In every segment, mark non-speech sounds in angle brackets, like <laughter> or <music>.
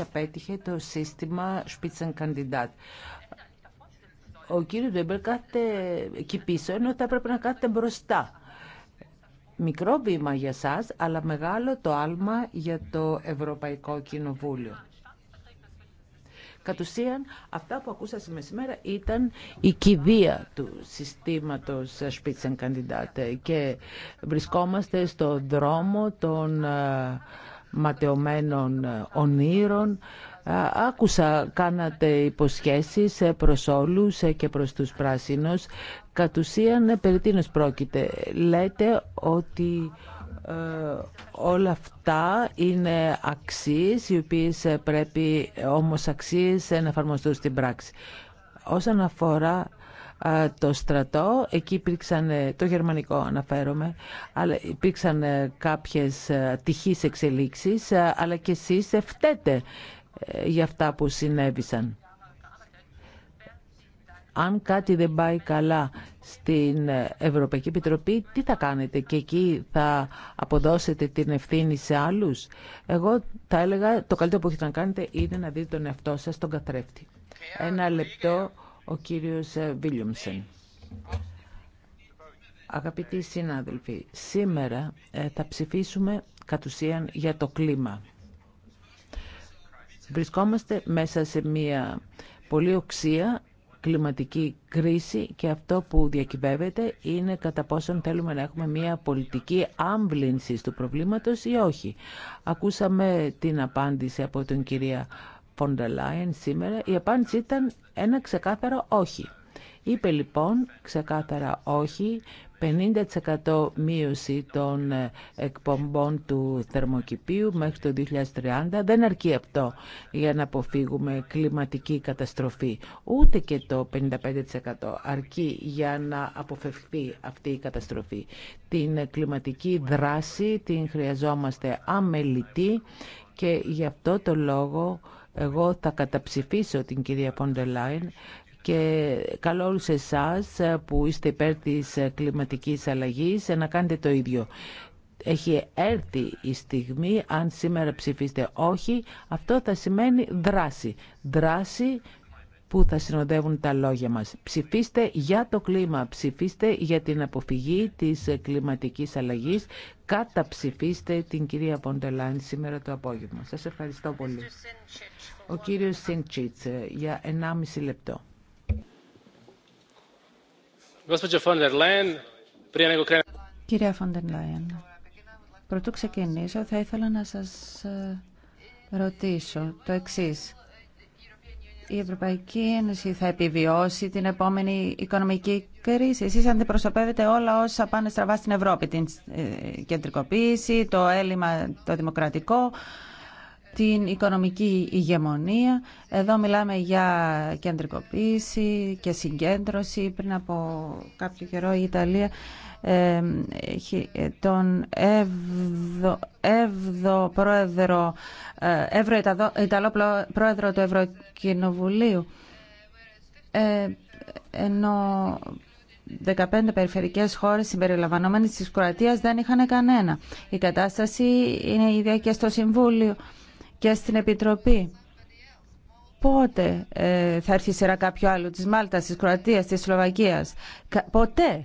απέτυχε το σύστημα Spitzenkandidat. Ο κύριος Ντέμπερ κάθεται εκεί πίσω, ενώ θα έπρεπε να κάθεται μπροστά. Μικρό βήμα για σας, αλλά μεγάλο το άλμα για το Ευρωπαϊκό Κοινοβούλιο. Κατ' ουσίαν, αυτά που ακούσαμε σήμερα ήταν η κηδεία του συστήματος Spitzenkandidat και βρισκόμαστε στο δρόμο των ε, ματαιωμένων ε, ονείρων. Άκουσα, κάνατε υποσχέσεις ε, προς όλους ε, και προς τους πράσινους. Κατ' ουσίαν, περί τίνος πρόκειται. Λέτε ότι όλα αυτά είναι αξίες, οι οποίες πρέπει όμως αξίες να εφαρμοστούν στην πράξη. Όσον αφορά το στρατό. Εκεί υπήρξαν, ε, το γερμανικό αναφέρομαι, αλλά υπήρξαν ε, κάποιες ε, τυχείς εξελίξεις, αλλά και εσείς ευθέτε για αυτά που συνέβησαν. Αν κάτι δεν πάει καλά στην Ευρωπαϊκή Επιτροπή, τι θα κάνετε και εκεί θα αποδώσετε την ευθύνη σε άλλους. Εγώ θα έλεγα το καλύτερο που έχετε να κάνετε είναι να δείτε τον εαυτό σας τον καθρέφτη. Ένα λεπτό ο κύριος ε, Βίλιομσεν. Αγαπητοί συνάδελφοι, σήμερα ε, θα ψηφίσουμε κατ' ουσίαν για το κλίμα. Βρισκόμαστε μέσα σε μια πολύ οξία κλιματική κρίση και αυτό που διακυβεύεται είναι κατά πόσον θέλουμε να έχουμε μια πολιτική άμβλυνση του προβλήματος ή όχι. Ακούσαμε την απάντηση από τον κυρία Φοντελάιν σήμερα, η απάντηση ήταν ένα ξεκάθαρο όχι. Είπε λοιπόν ξεκάθαρα όχι, 50% μείωση των ε, εκπομπών του θερμοκηπίου μέχρι το 2030. Δεν αρκεί αυτό για να αποφύγουμε κλιματική καταστροφή. Ούτε και το 55% αρκεί για να αποφευχθεί αυτή η καταστροφή. Την ε, κλιματική δράση την χρειαζόμαστε αμελητή και γι' αυτό το λόγο εγώ θα καταψηφίσω την κυρία Πόντερ Λάιν και καλώ όλους εσάς που είστε υπέρ της κλιματικής αλλαγής να κάνετε το ίδιο. Έχει έρθει η στιγμή, αν σήμερα ψηφίσετε όχι, αυτό θα σημαίνει δράση. Δράση που θα συνοδεύουν τα λόγια μας. Ψηφίστε για το κλίμα, ψηφίστε για την αποφυγή της κλιματικής αλλαγής, καταψηφίστε την κυρία Ποντελάν σήμερα το απόγευμα. Σας ευχαριστώ πολύ. Ο κύριος Σιντσίτς, για 1,5 λεπτό. Κυρία Φοντελάιν, πρωτού ξεκινήσω θα ήθελα να σας ε, ρωτήσω το εξής η Ευρωπαϊκή Ένωση θα επιβιώσει την επόμενη οικονομική κρίση. Εσεί αντιπροσωπεύετε όλα όσα πάνε στραβά στην Ευρώπη. Την ε, κεντρικοποίηση, το έλλειμμα το δημοκρατικό, την οικονομική ηγεμονία. Εδώ μιλάμε για κεντρικοποίηση και συγκέντρωση. Πριν από κάποιο καιρό η Ιταλία ε, τον Εύδο πρόεδρο, ε, Ιταλό πρόεδρο του Ευρωκοινοβουλίου. Ε, ενώ 15 περιφερικές χώρες συμπεριλαμβανόμενες της Κροατίας δεν είχαν κανένα. Η κατάσταση είναι ίδια και στο Συμβούλιο και στην Επιτροπή. Πότε θα έρθει η σειρά κάποιου άλλου, της Μάλτας, της Κροατίας, της Σλοβακίας. Ποτέ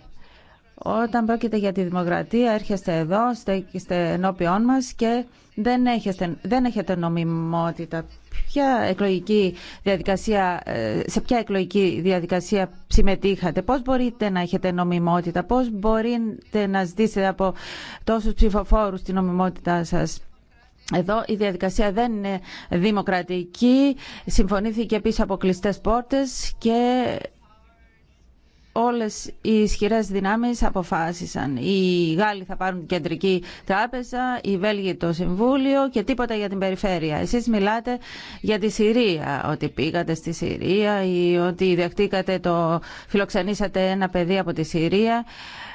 όταν πρόκειται για τη δημοκρατία έρχεστε εδώ, στέκεστε ενώπιόν μας και δεν, έχετε, δεν έχετε νομιμότητα. Ποια εκλογική διαδικασία, ε, σε ποια εκλογική διαδικασία συμμετείχατε, πώς μπορείτε να έχετε νομιμότητα, πώς μπορείτε να ζητήσετε από τόσους ψηφοφόρους την νομιμότητά σας. Εδώ η διαδικασία δεν είναι δημοκρατική, συμφωνήθηκε πίσω από κλειστές πόρτες και όλες οι ισχυρές δυνάμεις αποφάσισαν. Οι Γάλλοι θα πάρουν την κεντρική τράπεζα, οι Βέλγοι το Συμβούλιο και τίποτα για την περιφέρεια. Εσείς μιλάτε για τη Συρία, ότι πήγατε στη Συρία ή ότι δεχτήκατε το φιλοξενήσατε ένα παιδί από τη Συρία.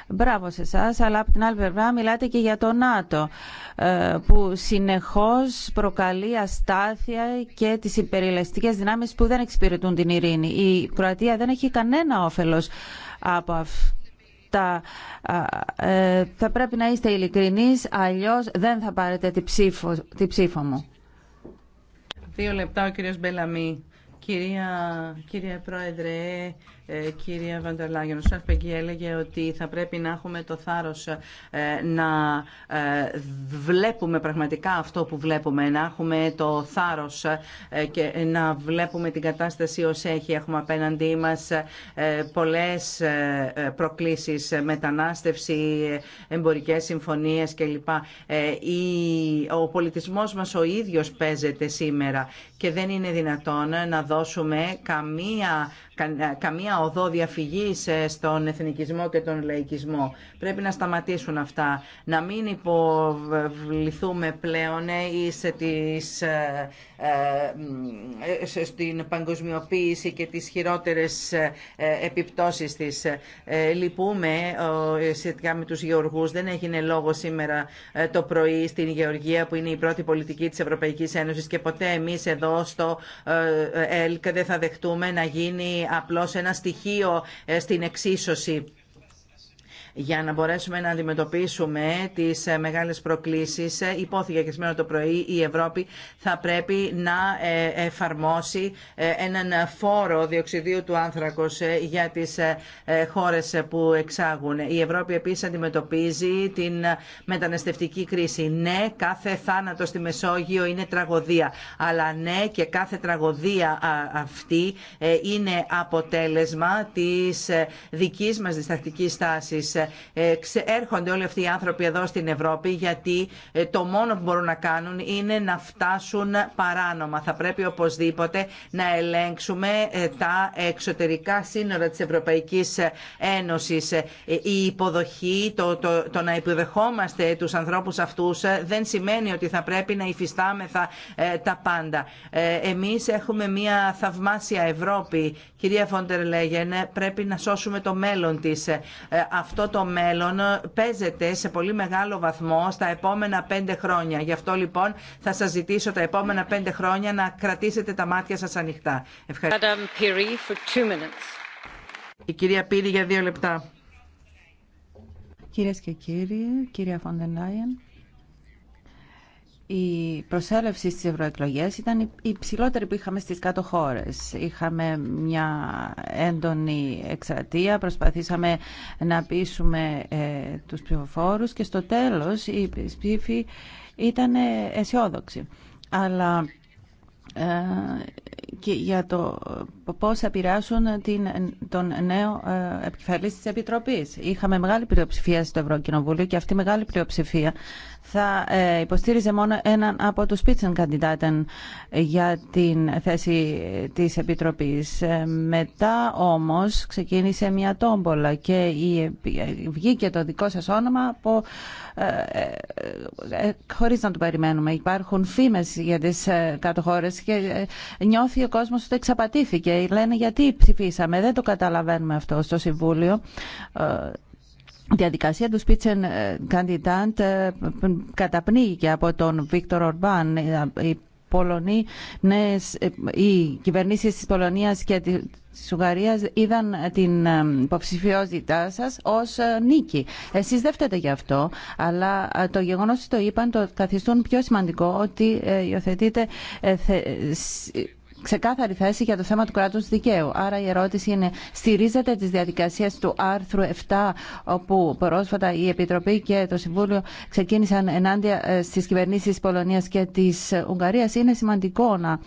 Μπράβο σε εσά, αλλά από την άλλη πλευρά μιλάτε και για το ΝΑΤΟ ε, που συνεχώς προκαλεί αστάθεια και τις υπερηλαστικές δυνάμεις που δεν εξυπηρετούν την ειρήνη. Η Κροατία δεν έχει κανένα όφελος από αυτά. Ε, θα πρέπει να είστε ειλικρινείς, αλλιώς δεν θα πάρετε τη ψήφο, μου. Δύο λεπτά ο κύριος Μπελαμή. Κυρία, κυρία Πρόεδρε, ε, κύριε Βαντελάγιο, ο Σεφ έλεγε ότι θα πρέπει να έχουμε το θάρρος ε, να ε, βλέπουμε πραγματικά αυτό που βλέπουμε, να έχουμε το θάρρος και να βλέπουμε την κατάσταση ω έχει. Έχουμε απέναντί μας πολλές προκλήσεις, μετανάστευση, εμπορικές συμφωνίες κλπ. Ο πολιτισμός μας ο ίδιος παίζεται σήμερα και δεν είναι δυνατόν να δώσουμε καμία καμία οδό διαφυγής ε, στον εθνικισμό και τον λαϊκισμό. Πρέπει να σταματήσουν αυτά. Να μην υποβληθούμε πλέον σε ε, ε, στην παγκοσμιοποίηση και τις χειρότερες επιπτώσεις της. Λυπούμε σχετικά με τους γεωργούς. Δεν έγινε λόγο σήμερα το πρωί στην Γεωργία που είναι η πρώτη πολιτική της Ευρωπαϊκής Ένωσης και ποτέ εμείς εδώ στο ΕΛΚ δεν θα δεχτούμε να γίνει απλώς ένα στοιχείο ε, στην εξίσωση για να μπορέσουμε να αντιμετωπίσουμε τις ε, μεγάλες προκλήσεις. Ε, υπόθηκε και σήμερα το πρωί η Ευρώπη θα πρέπει να ε, εφαρμόσει έναν φόρο διοξιδίου του άνθρακος για τις χώρες που εξάγουν. Η Ευρώπη επίσης αντιμετωπίζει την μεταναστευτική κρίση. Ναι, κάθε θάνατο στη Μεσόγειο είναι τραγωδία. Αλλά ναι και κάθε τραγωδία αυτή είναι αποτέλεσμα της δικής μας διστακτικής στάσης. Ε, έρχονται όλοι αυτοί οι άνθρωποι εδώ στην Ευρώπη γιατί ε, το μόνο που μπορούν να κάνουν είναι να φτάσουν παράνομα. Θα πρέπει οπωσδήποτε να ελέγξουμε ε, τα εξωτερικά σύνορα της Ευρωπαϊκής Ένωσης. Η υποδοχή, το, το, να υποδεχόμαστε τους ανθρώπους αυτούς δεν σημαίνει ότι θα πρέπει να υφιστάμεθα τα πάντα. Εμείς έχουμε μια θαυμάσια Ευρώπη Κυρία Φόντερ Λέγεν, πρέπει να σώσουμε το μέλλον της. Ε, αυτό το μέλλον παίζεται σε πολύ μεγάλο βαθμό στα επόμενα πέντε χρόνια. Γι' αυτό λοιπόν θα σας ζητήσω τα επόμενα πέντε χρόνια να κρατήσετε τα μάτια σας ανοιχτά. Ευχαριστώ. Η κυρία Πύρη για δύο λεπτά. Κυρίες και κύριοι, κυρία Φόντερ Λέγεν η προσέλευση στις ευρωεκλογές ήταν η ψηλότερη που είχαμε στις κάτω χώρες. Είχαμε μια έντονη εκστρατεία, προσπαθήσαμε να πείσουμε ε, τους ψηφοφόρους και στο τέλος οι ψήφοι ήταν ε, αισιόδοξοι. Αλλά ε, και για το πώς θα πειράσουν την, τον νέο ε, επικεφαλής της Επιτροπής. Είχαμε μεγάλη πλειοψηφία στο Ευρωκοινοβούλιο και αυτή η μεγάλη πλειοψηφία θα ε, υποστήριζε μόνο έναν από τους πίτσεν καντιντάτεν για την θέση της Επιτροπής. Ε, μετά όμως ξεκίνησε μια τόμπολα και η βγήκε το δικό σας όνομα από, ε, χωρίς να το περιμένουμε. Υπάρχουν φήμες για τις κάτω και νιώθει ο κόσμος ότι εξαπατήθηκε. Λένε γιατί ψηφίσαμε. Δεν το καταλαβαίνουμε αυτό στο Συμβούλιο διαδικασία του Spitzen ε, Candidate ε, καταπνίγηκε από τον Βίκτορ Ορμπάν. Ε, οι Πολωνοί, νέες, οι κυβερνήσεις της Πολωνίας και της Ουγγαρίας είδαν την υποψηφιότητά σας ως νίκη. Εσείς δεν φταίτε γι' αυτό, αλλά το γεγονός ότι το είπαν το καθιστούν πιο σημαντικό ότι υιοθετείτε ξεκάθαρη θέση για το θέμα του κράτους δικαίου. Άρα η ερώτηση είναι, στηρίζεται τις διαδικασίες του άρθρου 7, όπου πρόσφατα η Επιτροπή και το Συμβούλιο ξεκίνησαν ενάντια ε, στις κυβερνήσεις Πολωνίας και της Ουγγαρίας. Είναι σημαντικό να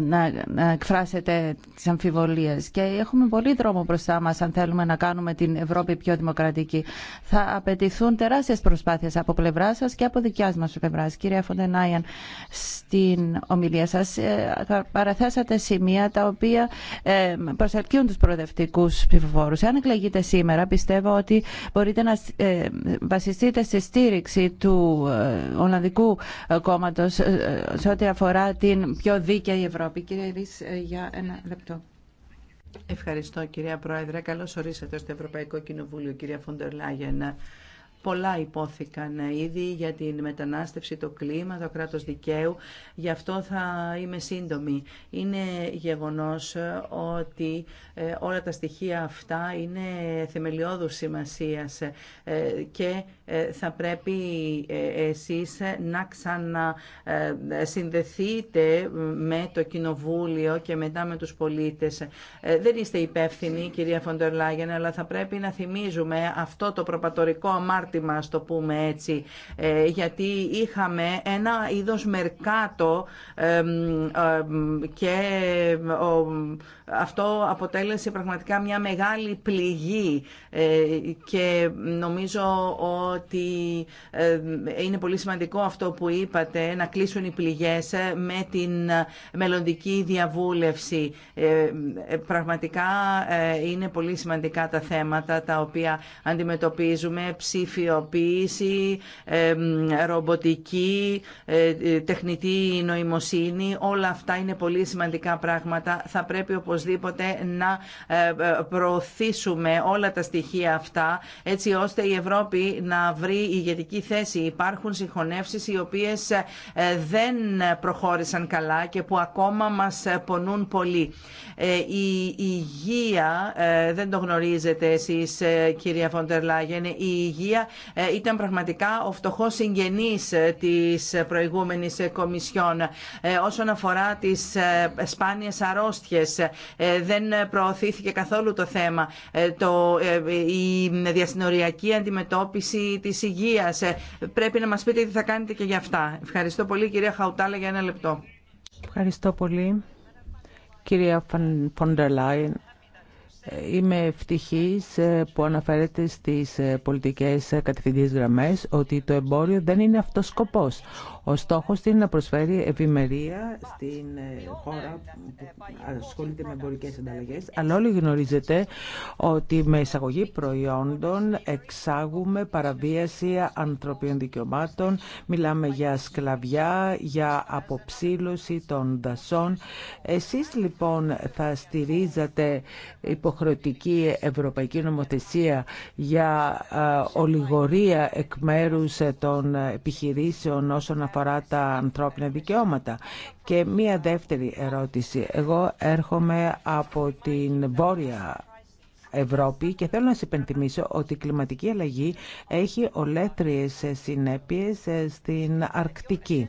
να, εκφράσετε τις αμφιβολίες και έχουμε πολύ δρόμο μπροστά μας αν θέλουμε να κάνουμε την Ευρώπη πιο δημοκρατική. Θα απαιτηθούν τεράστιες προσπάθειες από πλευρά σα και από δικιά μας πλευρά. Κύριε Φοντενάιαν, στην ομιλία σας ε, παραθέσατε σημεία τα οποία ε, προσελκύουν τους προοδευτικούς ψηφοφόρου. Αν εκλεγείτε σήμερα, πιστεύω ότι μπορείτε να ε, βασιστείτε στη στήριξη του Ολλανδικού κόμματος σε ό,τι αφορά την πιο και η Ευρώπη. Κύριε ε, για ένα λεπτό. Ευχαριστώ κυρία Πρόεδρε. Καλώς ορίσατε στο Ευρωπαϊκό Κοινοβούλιο κυρία Φοντερ Λάγεν πολλά υπόθηκαν ήδη για την μετανάστευση, το κλίμα, το κράτος δικαίου. Γι' αυτό θα είμαι σύντομη. Είναι γεγονός ότι ε, όλα τα στοιχεία αυτά είναι θεμελιώδους σημασίας ε, και ε, θα πρέπει εσείς να ξανασυνδεθείτε με το Κοινοβούλιο και μετά με τους πολίτες. Δεν είστε υπεύθυνοι, κυρία Φοντερλάγεν, αλλά θα πρέπει να θυμίζουμε αυτό το προπατορικό αμάρτημα το πούμε έτσι, ε, γιατί είχαμε ένα είδος μερκάτο και αυτό αποτέλεσε πραγματικά μια μεγάλη πληγή ε, και νομίζω ότι ε, είναι πολύ σημαντικό αυτό που είπατε, να κλείσουν οι πληγές με την μελλοντική διαβούλευση. Πραγματικά είναι πολύ σημαντικά τα θέματα τα οποία αντιμετωπίζουμε, ψήφι ψηφιοποίηση, ρομποτική, ε, ε, τεχνητή νοημοσύνη. Όλα αυτά είναι πολύ σημαντικά πράγματα. Θα πρέπει οπωσδήποτε να ε, προωθήσουμε όλα τα στοιχεία αυτά έτσι ώστε η Ευρώπη να βρει ηγετική θέση. Υπάρχουν συγχωνεύσεις οι οποίες δεν προχώρησαν καλά και που ακόμα μας πονούν πολύ. Η υγεία, δεν το γνωρίζετε εσείς κυρία Φοντερ η υγεία ε, ήταν πραγματικά ο φτωχός συγγενής ε, της προηγούμενης ε, Κομισιόν. Όσον αφορά τις σπάνιες αρρώστιες, δεν προωθήθηκε καθόλου το θέμα. Το, η διασυνοριακή αντιμετώπιση της υγείας. Πρέπει να μας πείτε τι θα κάνετε και για αυτά. Ευχαριστώ πολύ κυρία Χαουτάλα για ένα λεπτό. Ευχαριστώ πολύ. Κυρία Φοντερ Λάιν, Είμαι ευτυχής ε, που αναφέρεται στις ε, πολιτικές ε, κατευθυντικές γραμμές ότι το εμπόριο δεν είναι αυτός σκοπός. Ο στόχος είναι να προσφέρει ευημερία στην ε, χώρα που ασχολείται με εμπορικές ανταλλαγές, αλλά όλοι γνωρίζετε ότι με εισαγωγή προϊόντων εξάγουμε παραβίαση ανθρωπίνων δικαιωμάτων, μιλάμε για σκλαβιά, για αποψήλωση των δασών. Εσείς λοιπόν θα στηρίζατε υποχρεωτική ευρωπαϊκή νομοθεσία για ε, ολιγορία εκ μέρου ε, των επιχειρήσεων όσον αφορά τα ανθρώπινα δικαιώματα. Και μία δεύτερη ερώτηση. Εγώ έρχομαι από την Βόρεια Ευρώπη και θέλω να σας υπενθυμίσω ότι η κλιματική αλλαγή έχει ολέθριες συνέπειες ε, στην Αρκτική.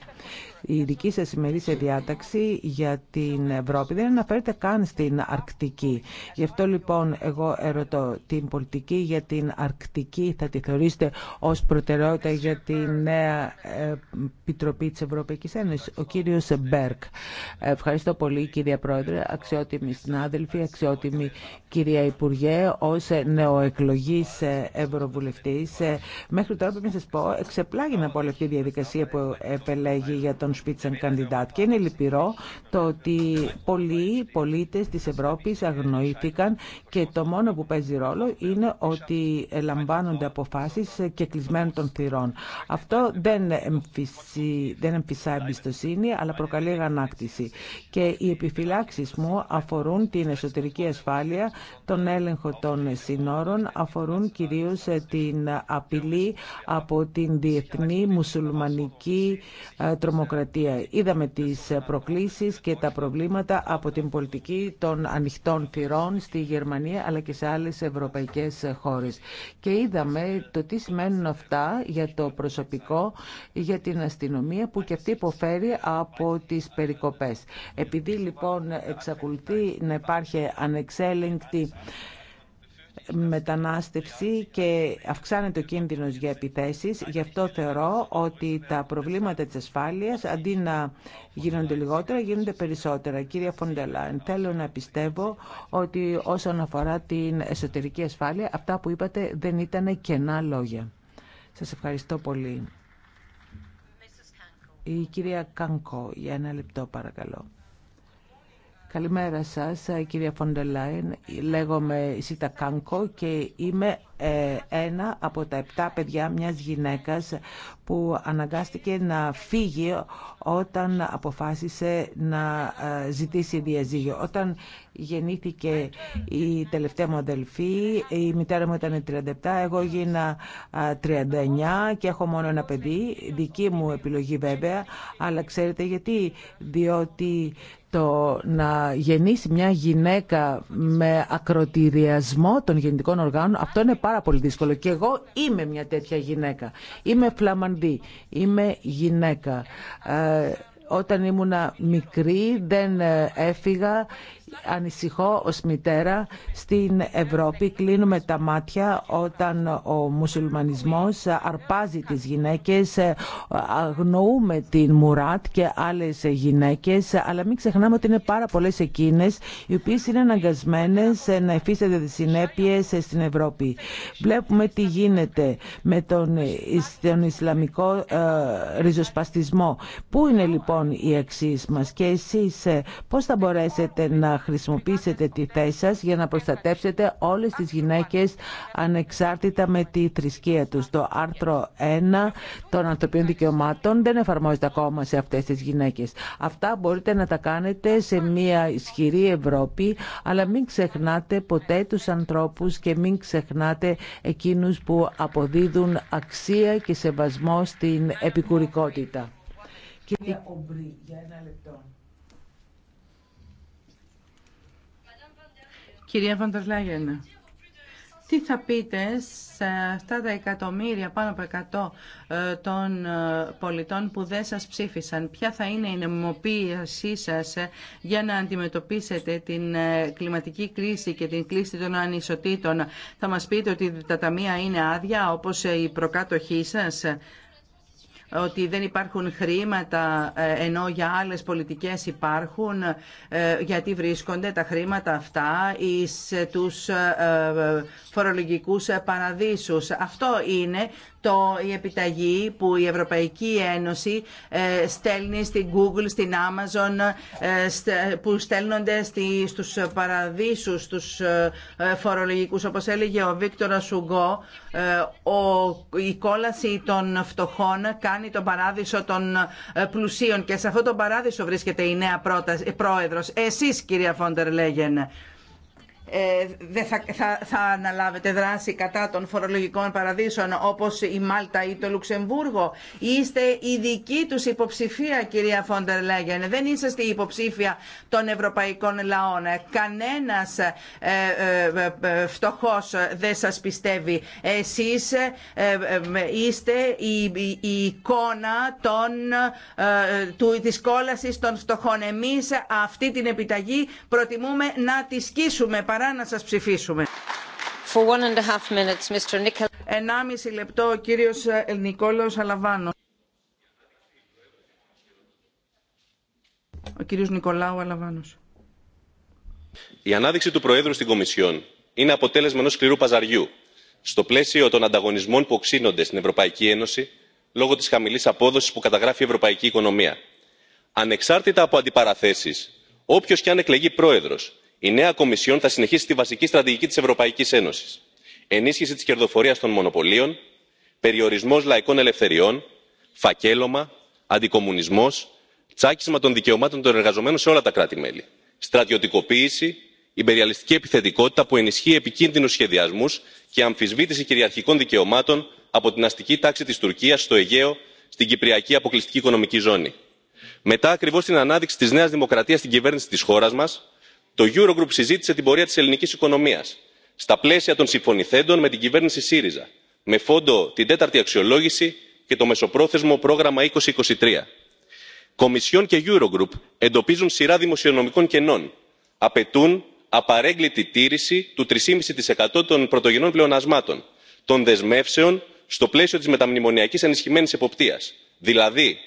Η δική σας σε διάταξη για την Ευρώπη δεν αναφέρεται καν στην Αρκτική. Γι' αυτό λοιπόν εγώ ερωτώ την πολιτική για την Αρκτική θα τη θεωρήσετε ως προτεραιότητα για τη νέα ε, Επιτροπή της Ευρωπαϊκής Ένωσης. Ο κύριος Μπέρκ. Ευχαριστώ πολύ κυρία Πρόεδρε, αξιότιμοι συνάδελφοι, αξιότιμη κυρία Υπουργέ, ως νεοεκλογής ε, Ευρωβουλευτής. Ε, μέχρι τώρα πρέπει να σας πω, εξεπλάγει από όλη αυτή η διαδικασία που επελέγει για τον σπίτσαν καντιντάτ. Και είναι λυπηρό το ότι πολλοί πολίτες της Ευρώπης αγνοήθηκαν και το μόνο που παίζει ρόλο είναι ότι λαμβάνονται αποφάσεις και κλεισμένων των θυρών. Αυτό δεν, εμφυσί, δεν εμφυσά εμπιστοσύνη, αλλά προκαλεί αγανάκτηση. Και οι επιφυλάξεις μου αφορούν την εσωτερική ασφάλεια, τον έλεγχο των συνόρων, αφορούν κυρίως ε, την απειλή από την διεθνή μουσουλμανική ε, τρομοκρατία Είδαμε τις προκλήσεις και τα προβλήματα από την πολιτική των ανοιχτών θυρών στη Γερμανία αλλά και σε άλλες ευρωπαϊκές χώρες. Και είδαμε το τι σημαίνουν αυτά για το προσωπικό, για την αστυνομία που και αυτή υποφέρει από τις περικοπές. Επειδή λοιπόν εξακολουθεί να υπάρχει ανεξέλεγκτη μετανάστευση και αυξάνεται ο κίνδυνος για επιθέσεις. Γι' αυτό θεωρώ ότι τα προβλήματα της ασφάλειας αντί να γίνονται λιγότερα, γίνονται περισσότερα. Κύριε Φοντελάν, θέλω να πιστεύω ότι όσον αφορά την εσωτερική ασφάλεια, αυτά που είπατε δεν ήταν κενά λόγια. Σας ευχαριστώ πολύ. Η κυρία Κανκό, για ένα λεπτό παρακαλώ. Καλημέρα σας, ε, κυρία Φοντελάιν, Λέγομαι Ισίτα Κάνκο και είμαι ένα από τα επτά παιδιά μιας γυναίκας που αναγκάστηκε να φύγει όταν αποφάσισε να ε, ζητήσει διαζύγιο. Όταν γεννήθηκε η τελευταία μου αδελφή, η μητέρα μου ήταν 37, εγώ γίνα 39 και έχω μόνο ένα παιδί, δική μου επιλογή βέβαια, αλλά ξέρετε γιατί, διότι το να γεννήσει μια γυναίκα με ακροτηριασμό των γεννητικών οργάνων, αυτό είναι πάρα πάρα πολύ δύσκολο. Και εγώ είμαι μια τέτοια γυναίκα. Είμαι φλαμαντή. Είμαι γυναίκα. Ε, όταν ήμουνα μικρή δεν ε, έφυγα ανησυχώ ως μητέρα στην Ευρώπη κλείνουμε τα μάτια όταν ο μουσουλμανισμός αρπάζει τις γυναίκες αγνοούμε την Μουράτ και άλλες γυναίκες αλλά μην ξεχνάμε ότι είναι πάρα πολλές εκείνες οι οποίες είναι αναγκασμένες να εφίσταται τις συνέπειες στην Ευρώπη. Βλέπουμε τι γίνεται με τον, Ισλαμικό ε, ριζοσπαστισμό. Πού είναι λοιπόν οι αξίες μας και εσείς ε, πώς θα μπορέσετε να χρησιμοποιήσετε τη θέση σας για να προστατέψετε όλες τις γυναίκες ανεξάρτητα με τη θρησκεία τους. Το άρθρο 1 των ανθρωπίνων δικαιωμάτων δεν εφαρμόζεται ακόμα σε αυτές τις γυναίκες. Αυτά μπορείτε να τα κάνετε σε μια ισχυρή Ευρώπη, αλλά μην ξεχνάτε ποτέ τους ανθρώπους και μην ξεχνάτε εκείνους που αποδίδουν αξία και σεβασμό στην επικουρικότητα. για ένα Κυρία Βαντερλάγεν, τι θα πείτε σε αυτά τα εκατομμύρια, πάνω από 100 ε, των ε, πολιτών που δεν σας ψήφισαν. Ποια θα είναι η νομοποίησή σας ε, για να αντιμετωπίσετε την κλιματική κρίση και την κλίση των ανισοτήτων. Θα μας πείτε ότι τα ταμεία είναι άδεια όπως η προκάτοχή σας ότι δεν υπάρχουν χρήματα ε, ενώ για άλλες πολιτικές υπάρχουν ε, γιατί βρίσκονται τα χρήματα αυτά εις ε, τους φορολογικούς παραδείσους. Αυτό είναι το, η επιταγή που η Ευρωπαϊκή Ένωση ε, στέλνει στην Google, στην Amazon, ε, που στέλνονται στη, στους παραδείσους, στους ε, φορολογικούς. Όπως έλεγε ο Βίκτορα Σουγκό, ε, ο, η κόλαση των φτωχών κάνει το παράδεισο των πλουσίων και σε αυτό το παράδεισο βρίσκεται η νέα πρόταση, πρόεδρος. Εσείς κυρία Φόντερ Λέγεν. Ε, δεν θα, θα, αναλάβετε δράση κατά των φορολογικών παραδείσων όπως η Μάλτα ή το Λουξεμβούργο. Είστε η δική τους υποψηφία κυρία Φόντερ Λέγεν. Δεν είσαστε η υποψήφια των ευρωπαϊκών λαών. Κανένας ε, ε, ε φτωχός δεν σας πιστεύει. Εσείς είστε η, η, εικόνα των, του, της κόλασης των φτωχών. Εμείς αυτή την επιταγή προτιμούμε να τη σκίσουμε χαρά να σας ψηφίσουμε. For and a half minutes, Mr. Ενάμιση λεπτό ο κύριος Νικόλαος ε, Αλαβάνο. Ο κύριος Αλαβάνος. Η ανάδειξη του Προέδρου στην Κομισιόν είναι αποτέλεσμα ενός σκληρού παζαριού στο πλαίσιο των ανταγωνισμών που οξύνονται στην Ευρωπαϊκή Ένωση λόγω της χαμηλής απόδοσης που καταγράφει η ευρωπαϊκή οικονομία. Ανεξάρτητα από αντιπαραθέσεις, όποιος και αν εκλεγεί πρόεδρος η νέα κομισιόν θα συνεχίσει τη βασική στρατηγική της ευρωπαϊκής ένωσης ενίσχυση της κερδοφορίας των μονοπωλίων περιορισμός λαϊκών ελευθεριών φακέλωμα αντικομουνισμός τσάκισμα των δικαιωμάτων των εργαζομένων σε όλα τα κράτη μέλη στρατιωτικοποίηση υπεριαλιστική επιθετικότητα που ενισχύει επικίνδυνους σχεδιασμούς και αμφισβήτηση κυριαρχικών δικαιωμάτων από την αστική τάξη της Τουρκία στο αιγαίο στην κυπριακή αποκλειστική οικονομική ζώνη. μετά ακριβώς την ανάδειξη της νέας δημοκρατίας στην κυβέρνηση της χώρα μας το eurogroup συζήτησε την πορεία της ελληνικής οικονομίας στα πλαίσια των συμφωνηθέντων με την κυβέρνηση σύριζα με φόντο την τέταρτη αξιολόγηση και το μεσοπρόθεσμο πρόγραμμα. 2023. κομισιόν και eurogroup εντοπίζουν σειρά δημοσιονομικών κενών απαιτούν απαρέγκλητη τήρηση του 3,5% των πρωτογενών πλεονασμάτων των δεσμεύσεων στο πλαίσιο της μεταμνημονιακής ενισχυμένης εποπτείας δηλαδή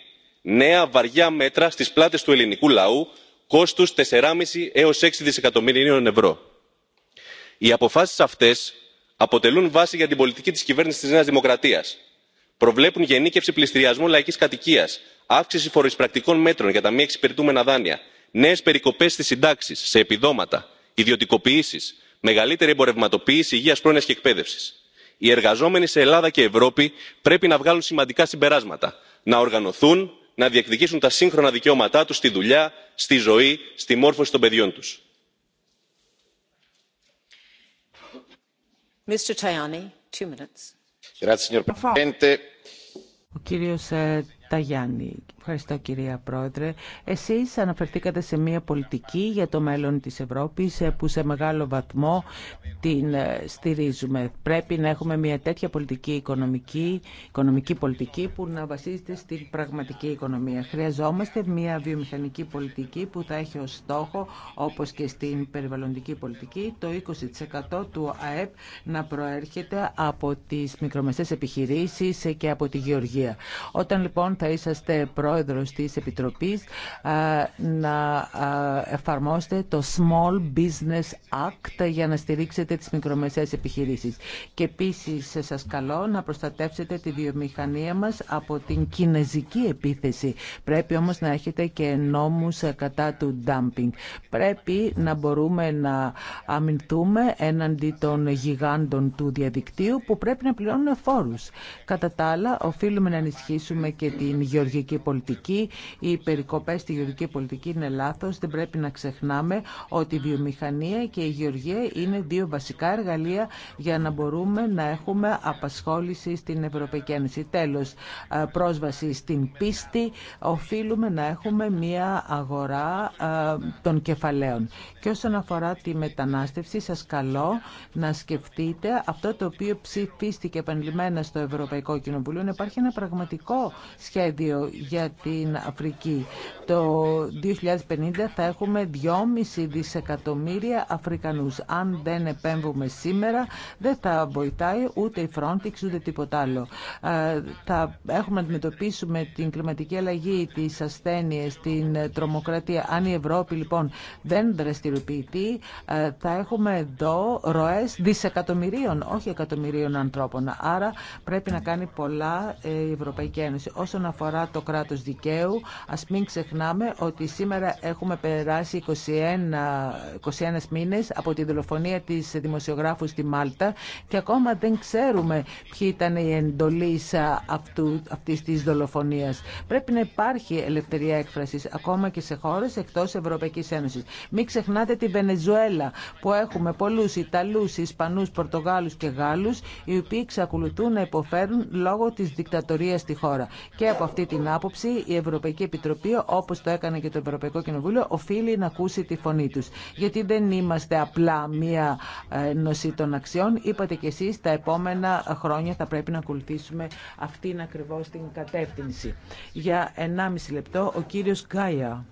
νέα βαριά μέτρα στις πλάτες του ελληνικού λαού κόστους 4,5 έως 6 δισεκατομμυρίων ευρώ. Οι αποφάσεις αυτές αποτελούν βάση για την πολιτική της κυβέρνησης της Νέας Δημοκρατίας. Προβλέπουν γενίκευση πληστηριασμού λαϊκής κατοικίας, αύξηση φοροεισπρακτικών μέτρων για τα μη εξυπηρετούμενα δάνεια, νέες περικοπές στις συντάξεις, σε επιδόματα, ιδιωτικοποιήσεις, μεγαλύτερη εμπορευματοποίηση υγείας πρόνοιας και εκπαίδευσης. Οι εργαζόμενοι σε Ελλάδα και Ευρώπη πρέπει να βγάλουν σημαντικά συμπεράσματα, να οργανωθούν, να διεκδικήσουν τα σύγχρονα δικαιώματά τους στη δουλειά στη ζωή στη μόρφωση των παιδιών τους. Ευχαριστώ κυρία Πρόεδρε. Εσείς αναφερθήκατε σε μια πολιτική για το μέλλον της Ευρώπης ε, που σε μεγάλο βαθμό την ε, στηρίζουμε. Πρέπει να έχουμε μια τέτοια πολιτική οικονομική, οικονομική πολιτική που να βασίζεται στην πραγματική οικονομία. Χρειαζόμαστε μια βιομηχανική πολιτική που θα έχει ως στόχο όπως και στην περιβαλλοντική πολιτική το 20% του ΑΕΠ να προέρχεται από τις μικρομεσαίες επιχειρήσεις και από τη γεωργία. Όταν λοιπόν θα είσαστε πρόεδρος της Επιτροπής να εφαρμόσετε το Small Business Act για να στηρίξετε τις μικρομεσαίες επιχειρήσεις. Και επίσης σας καλώ να προστατεύσετε τη βιομηχανία μας από την κινέζικη επίθεση. Πρέπει όμως να έχετε και νόμους κατά του dumping. Πρέπει να μπορούμε να αμυνθούμε έναντι των γιγάντων του διαδικτύου που πρέπει να πληρώνουν φόρους. Κατά τα άλλα, οφείλουμε να ενισχύσουμε και την γεωργική πολιτική πολιτική. Οι περικοπές στη γεωργική πολιτική είναι λάθος. Δεν πρέπει να ξεχνάμε ότι η βιομηχανία και η γεωργία είναι δύο βασικά εργαλεία για να μπορούμε να έχουμε απασχόληση στην Ευρωπαϊκή Ένωση. Τέλο ε, πρόσβαση στην πίστη. Οφείλουμε να έχουμε μία αγορά ε, των κεφαλαίων. Και όσον αφορά τη μετανάστευση, σα καλώ να σκεφτείτε αυτό το οποίο ψηφίστηκε επανειλημμένα στο Ευρωπαϊκό Κοινοβουλίο υπάρχει ένα πραγματικό σχέδιο για την Αφρική. Το 2050 θα έχουμε 2,5 δισεκατομμύρια Αφρικανούς. Αν δεν επέμβουμε σήμερα δεν θα βοηθάει ούτε η Frontex ούτε τίποτα άλλο. Ε, θα έχουμε να αντιμετωπίσουμε την κλιματική αλλαγή, τις ασθένειες, την τρομοκρατία. Αν η Ευρώπη λοιπόν δεν δραστηριοποιηθεί ε, θα έχουμε εδώ ροές δισεκατομμυρίων, όχι εκατομμυρίων ανθρώπων. Άρα πρέπει να κάνει πολλά ε, η Ευρωπαϊκή Ένωση. Όσον αφορά το κράτος δικαίου. Ας μην ξεχνάμε ότι σήμερα έχουμε περάσει 21, 21 μήνες από τη δολοφονία της δημοσιογράφου στη Μάλτα και ακόμα δεν ξέρουμε ποιοι ήταν οι εντολή αυτή αυτής της δολοφονίας. Πρέπει να υπάρχει ελευθερία έκφρασης ακόμα και σε χώρες εκτός Ευρωπαϊκής Ένωσης. Μην ξεχνάτε τη Βενεζουέλα που έχουμε πολλούς Ιταλούς, Ισπανούς, Πορτογάλους και Γάλλους οι οποίοι εξακολουθούν να υποφέρουν λόγω τη δικτατορία στη χώρα. Και από αυτή την άποψη η Ευρωπαϊκή Επιτροπή, όπως το έκανε και το Ευρωπαϊκό Κοινοβούλιο, οφείλει να ακούσει τη φωνή τους. Γιατί δεν είμαστε απλά μία ε, νοσή των αξιών. Είπατε κι εσεί τα επόμενα χρόνια θα πρέπει να ακολουθήσουμε αυτήν ακριβώ την κατεύθυνση. Για 1,5 λεπτό, ο κύριος Γκάια.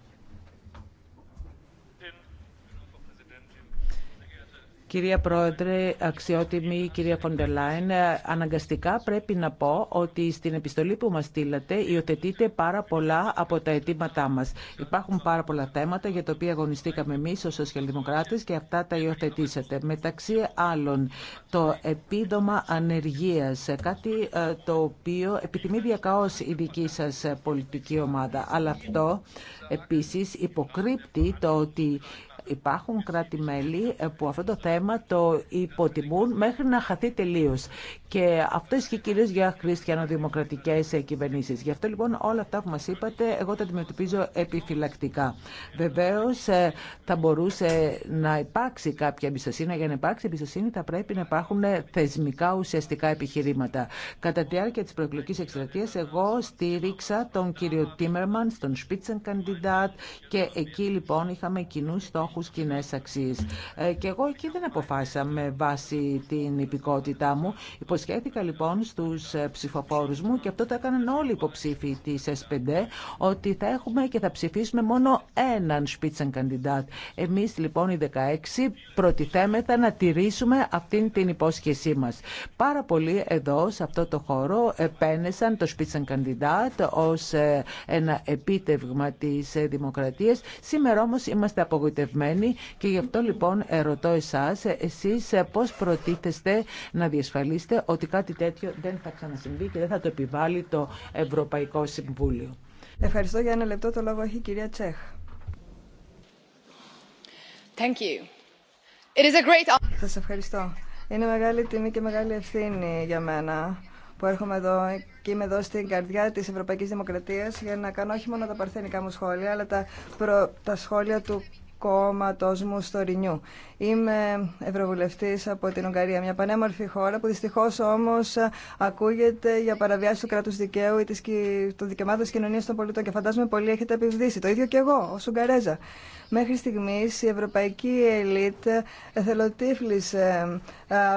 Κυρία Πρόεδρε, αξιότιμη κυρία Φοντελάιν, ε, αναγκαστικά πρέπει να πω ότι στην επιστολή που μας στείλατε υιοθετείτε πάρα πολλά από τα αιτήματά μας. Υπάρχουν πάρα πολλά θέματα για τα οποία αγωνιστήκαμε εμείς ως σοσιαλδημοκράτες και αυτά τα υιοθετήσατε. Μεταξύ άλλων, το επίδομα ανεργίας, ε, κάτι ε, το οποίο επιθυμεί διακαώς η δική σας πολιτική ομάδα. Αλλά αυτό επίσης υποκρύπτει το ότι υπάρχουν κράτη-μέλη που αυτό το θέμα θέμα το υποτιμούν μέχρι να χαθεί τελείω. Και αυτό ισχύει κυρίω για χριστιανοδημοκρατικέ κυβερνήσει. Γι' αυτό λοιπόν όλα αυτά που μα είπατε, εγώ τα αντιμετωπίζω επιφυλακτικά. Βεβαίω ε, θα μπορούσε να υπάρξει κάποια εμπιστοσύνη. Για να υπάρξει εμπιστοσύνη θα πρέπει να υπάρχουν θεσμικά ουσιαστικά επιχειρήματα. Κατά τη διάρκεια τη προεκλογική εκστρατεία, εγώ στήριξα τον κύριο Τίμερμαν, τον Σπίτσεν Καντιντάτ και εκεί λοιπόν είχαμε κοινού στόχου, κοινέ αξίε. Ε, και εγώ εκεί δεν αποφάσισα με βάση την υπηκότητά μου. Υποσχέθηκα λοιπόν στους ε, ψηφοφόρου μου και αυτό το έκαναν όλοι οι υποψήφοι τη S5 ότι θα έχουμε και θα ψηφίσουμε μόνο έναν σπίτσαν καντιντάτ. Εμείς λοιπόν οι 16 προτιθέμεθα να τηρήσουμε αυτήν την υπόσχεσή μας. Πάρα πολλοί εδώ σε αυτό το χώρο επένεσαν το σπίτσαν καντιντάτ ως ε, ένα επίτευγμα της ε, Δημοκρατία. Σήμερα όμω είμαστε απογοητευμένοι και γι' αυτό λοιπόν ερωτώ εσά Εσεί εσείς ε, πώς προτίθεστε να διασφαλίσετε ότι κάτι τέτοιο δεν θα ξανασυμβεί και δεν θα το επιβάλλει το Ευρωπαϊκό Συμβούλιο. Ευχαριστώ για ένα λεπτό. Το λόγο έχει η κυρία Τσέχ. Thank you. It is a great... Σας ευχαριστώ. Είναι μεγάλη τιμή και μεγάλη ευθύνη για μένα που έρχομαι εδώ και είμαι εδώ στην καρδιά της Ευρωπαϊκής Δημοκρατίας για να κάνω όχι μόνο τα παρθενικά μου σχόλια αλλά τα, τα σχόλια του κόμματος μου στο Ρινιού. Είμαι ευρωβουλευτής από την Ουγγαρία, μια πανέμορφη χώρα που δυστυχώς όμως ακούγεται για παραβιάσει του κράτου δικαίου ή τη δικαιμάδα Γενωνία των Πολιτών. Και φαντάζουμε πολλοί έχετε επιβδίσει. Το ίδιο και εγώ ως Ουγγαρέζα. Μέχρι στιγμής η ευρωπαϊκή ελίτ εθελοτύφλησε αυτή η ευρωπαικη ελιτ εθελοτυφλησε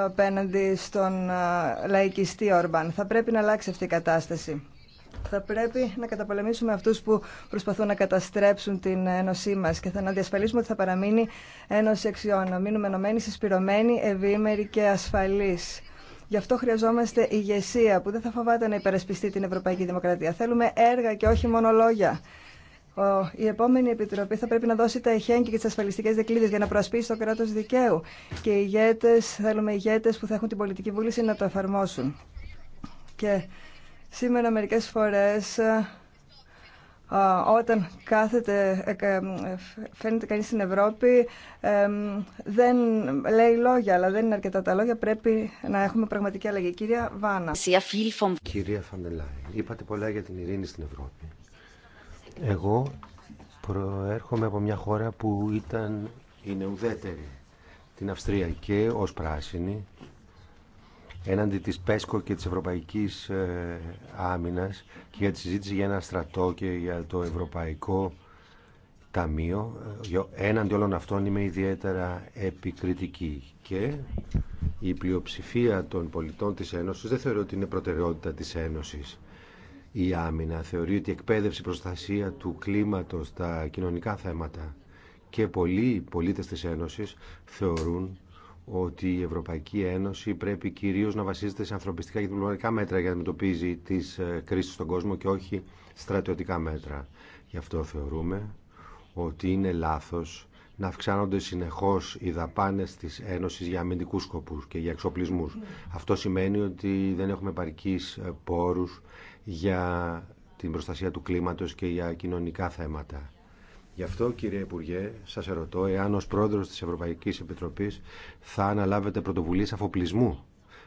απεναντι στον ε, λαϊκιστή Ορμπαν. Θα πρέπει να αλλάξει αυτή η κατάσταση. Θα πρέπει να καταπολεμήσουμε αυτούς που προσπαθούν να καταστρέψουν την ένωσή μας και θα να διασφαλίσουμε ότι θα παραμείνει ένωση αξιών, να μείνουμε ενωμένοι, συσπηρωμένοι, ευήμεροι και ασφαλείς. Γι' αυτό χρειαζόμαστε ηγεσία που δεν θα φοβάται να υπερασπιστεί την Ευρωπαϊκή Δημοκρατία. Θέλουμε έργα και όχι μόνο λόγια. Η επόμενη επιτροπή θα πρέπει να δώσει τα εχέγγυα και τι ασφαλιστικέ δεκλίδε για να προασπίσει το κράτο δικαίου. Και οι ηγέτε, θέλουμε ηγέτε που θα έχουν την πολιτική βούληση να το εφαρμόσουν. Και Σήμερα μερικές φορές όταν κάθεται, ε, ε, φαίνεται κανείς στην Ευρώπη, ε, δεν λέει λόγια, αλλά δεν είναι αρκετά τα λόγια. Πρέπει να έχουμε πραγματική αλλαγή. Κυρία Βάνα. Κυρία Φαντελάη, είπατε πολλά για την ειρήνη στην Ευρώπη. Εγώ προέρχομαι από μια χώρα που ήταν, η ουδέτερη, την Αυστρία και ως πράσινη έναντι της ΠΕΣΚΟ και της Ευρωπαϊκής ε, Άμυνας και για τη συζήτηση για ένα στρατό και για το Ευρωπαϊκό Ταμείο. Ε, έναντι όλων αυτών είμαι ιδιαίτερα επικριτική και η πλειοψηφία των πολιτών της Ένωσης δεν θεωρεί ότι είναι προτεραιότητα της Ένωσης η άμυνα. Θεωρεί ότι η εκπαίδευση, προστασία του κλίματος, τα κοινωνικά θέματα και πολλοί πολίτες της Ένωσης θεωρούν ότι η Ευρωπαϊκή Ένωση πρέπει κυρίω να βασίζεται σε ανθρωπιστικά και διπλωματικά μέτρα για να αντιμετωπίζει τι ε, κρίσει στον κόσμο και όχι στρατιωτικά μέτρα. Γι' αυτό θεωρούμε ότι είναι λάθο να αυξάνονται συνεχώ οι δαπάνε τη Ένωση για αμυντικού σκοπού και για εξοπλισμού. Ναι. Αυτό σημαίνει ότι δεν έχουμε επαρκεί ε, πόρου για την προστασία του κλίματος και για κοινωνικά θέματα. Γι' αυτό, κύριε Υπουργέ, σας ερωτώ εάν ως πρόεδρος της Ευρωπαϊκής Επιτροπής θα αναλάβετε πρωτοβουλίες αφοπλισμού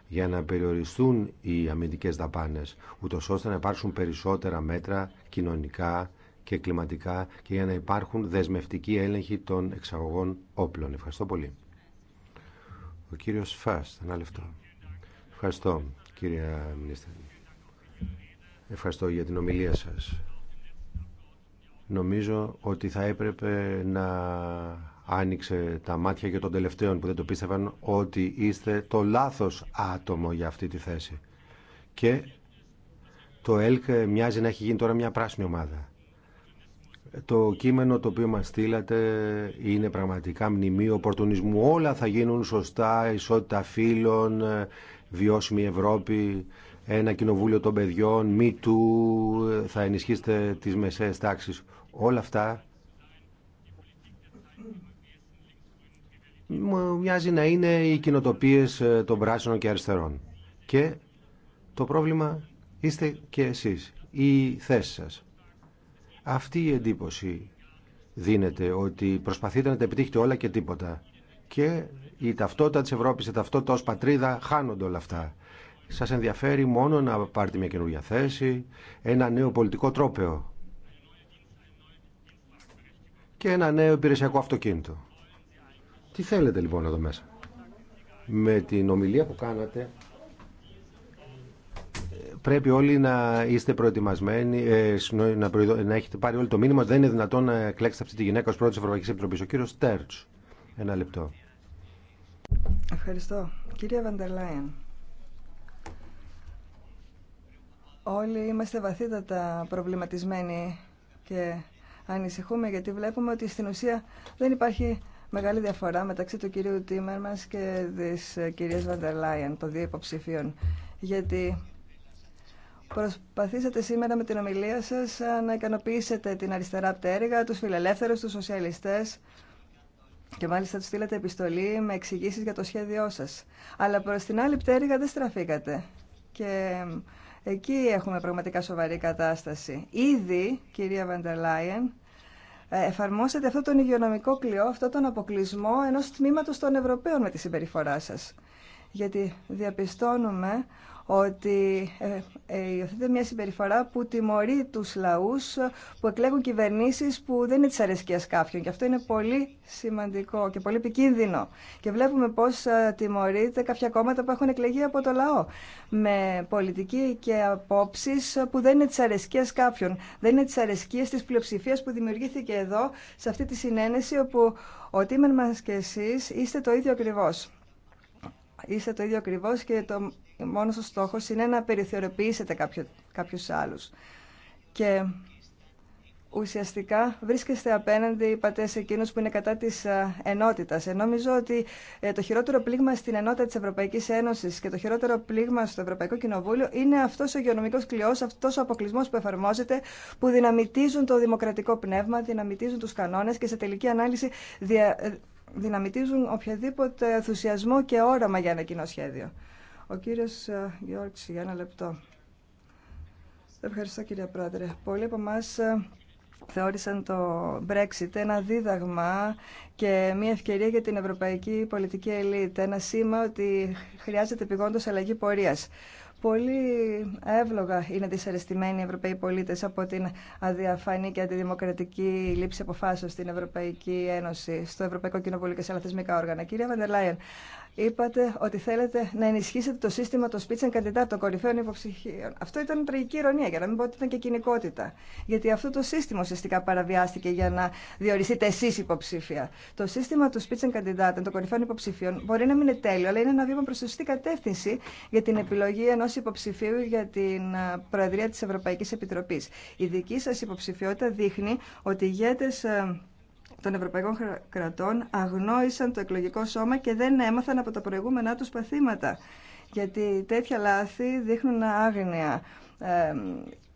για να περιοριστούν οι αμυντικέ δαπάνες, ούτω ώστε να υπάρξουν περισσότερα μέτρα κοινωνικά και κλιματικά και για να υπάρχουν δεσμευτικοί έλεγχοι των εξαγωγών όπλων. Ευχαριστώ πολύ. Ο κύριο Φάστ, ένα λεπτό. Ευχαριστώ, κύριε Μινίστερ. Ευχαριστώ για την ομιλία σας νομίζω ότι θα έπρεπε να άνοιξε τα μάτια και των τελευταίων που δεν το πίστευαν ότι είστε το λάθος άτομο για αυτή τη θέση. Και το ΕΛΚ μοιάζει να έχει γίνει τώρα μια πράσινη ομάδα. Το κείμενο το οποίο μας στείλατε είναι πραγματικά μνημείο οπορτουνισμού. Όλα θα γίνουν σωστά, ισότητα φίλων βιώσιμη Ευρώπη ένα κοινοβούλιο των παιδιών, μη του, θα ενισχύσετε τις μεσαίες τάξεις. Όλα αυτά μοιάζει να είναι οι κοινοτοπίες ε, των πράσινων και αριστερών. Και το πρόβλημα είστε και εσείς, οι θέση σας. Αυτή η εντύπωση δίνεται ότι προσπαθείτε να τα επιτύχετε όλα και τίποτα. Και η ταυτότητα της Ευρώπης, η ταυτότητα ως πατρίδα χάνονται όλα αυτά σας ενδιαφέρει μόνο να πάρετε μια καινούργια θέση, ένα νέο πολιτικό τρόπεο και ένα νέο υπηρεσιακό αυτοκίνητο. Τι θέλετε λοιπόν εδώ μέσα. Με την ομιλία που κάνατε πρέπει όλοι να είστε προετοιμασμένοι, ε, να, έχετε πάρει όλο το μήνυμα ότι δεν είναι δυνατόν να κλέξετε αυτή τη γυναίκα ως πρώτη Ευρωπαϊκή Επιτροπής. Ο κύριο Τέρτς. Ένα λεπτό. Ευχαριστώ. Κύριε Βαντελάιεν, Όλοι είμαστε βαθύτατα προβληματισμένοι και ανησυχούμε γιατί βλέπουμε ότι στην ουσία δεν υπάρχει μεγάλη διαφορά μεταξύ του κυρίου μας και της ε, κυρίας Βαντερλάιεν, των δύο υποψηφίων. Γιατί προσπαθήσατε σήμερα με την ομιλία σας ε, να ικανοποιήσετε την αριστερά πτέρυγα, τους φιλελεύθερους, τους σοσιαλιστές και μάλιστα τους στείλατε επιστολή με εξηγήσει για το σχέδιό σας. Αλλά προς την άλλη πτέρυγα δεν στραφήκατε. Και Εκεί έχουμε πραγματικά σοβαρή κατάσταση. Ήδη, κυρία Βαντελάιεν, εφαρμόσατε αυτό τον υγειονομικό κλειό, αυτόν τον αποκλεισμό ενός τμήματος των Ευρωπαίων με τη συμπεριφορά σας. Γιατί διαπιστώνουμε ότι ε, ε, υιοθετείται μια συμπεριφορά που τιμωρεί τους λαούς που εκλέγουν κυβερνήσεις που δεν είναι της αρεσκίας κάποιων και αυτό είναι πολύ σημαντικό και πολύ επικίνδυνο και βλέπουμε πώς ε, τιμωρείται κάποια κόμματα που έχουν εκλεγεί από το λαό με πολιτική και απόψεις που δεν είναι της αρεσκίας κάποιων δεν είναι της αρεσκίας της πλειοψηφίας που δημιουργήθηκε εδώ σε αυτή τη συνένεση όπου ο Τίμερμαν μας και εσείς είστε το ίδιο ακριβώ. είστε το ίδιο ακριβώ και το Μόνο ο στόχος είναι να περιθωριοποιήσετε κάποιο, κάποιους άλλους. Και ουσιαστικά βρίσκεστε απέναντι, είπατε, σε εκείνους που είναι κατά της ε, ενότητας. Ε, νομίζω ότι ε, το χειρότερο πλήγμα στην ενότητα της Ευρωπαϊκής Ένωσης και το χειρότερο πλήγμα στο Ευρωπαϊκό Κοινοβούλιο είναι αυτό ο υγειονομικός κλειός, αυτός ο αποκλεισμό που εφαρμόζεται, που δυναμητίζουν το δημοκρατικό πνεύμα, δυναμητίζουν τους κανόνες και σε τελική ανάλυση δια, ε, δυναμητίζουν οποιαδήποτε ενθουσιασμό και όραμα για ένα κοινό σχέδιο. Ο κύριος ε, Γιώργη, για ένα λεπτό. Ευχαριστώ κύριε Πρόεδρε. Πολλοί από εμά ε, θεώρησαν το Brexit ένα δίδαγμα και μια ευκαιρία για την ευρωπαϊκή πολιτική ελίτ. Ένα σήμα ότι χρειάζεται επιγόντως αλλαγή πορείας. Πολύ εύλογα είναι δυσαρεστημένοι οι Ευρωπαίοι πολίτε από την αδιαφανή και αντιδημοκρατική λήψη αποφάσεων στην Ευρωπαϊκή Ένωση, στο Ευρωπαϊκό Κοινοβούλιο και σε άλλα θεσμικά όργανα. Κυρία Βαντελάιεν, είπατε ότι θέλετε να ενισχύσετε το σύστημα των σπίτσεν candidate των κορυφαίων υποψηφίων. Αυτό ήταν τραγική ηρωνία, για να μην πω ότι ήταν και κοινικότητα. Γιατί αυτό το σύστημα ουσιαστικά παραβιάστηκε για να διοριστείτε εσεί υποψήφια. Το σύστημα του σπίτσεν candidate των κορυφαίων υποψηφίων μπορεί να μην είναι τέλειο, αλλά είναι ένα βήμα προ σωστή κατεύθυνση για την επιλογή ενό υποψηφίου για την ε, Προεδρία τη Ευρωπαϊκή Επιτροπή. Η δική σα υποψηφιότητα δείχνει ότι ηγέτε ε, των Ευρωπαϊκών κρατών αγνόησαν το εκλογικό σώμα και δεν έμαθαν από τα προηγούμενά τους παθήματα. Γιατί τέτοια λάθη δείχνουν άγνοια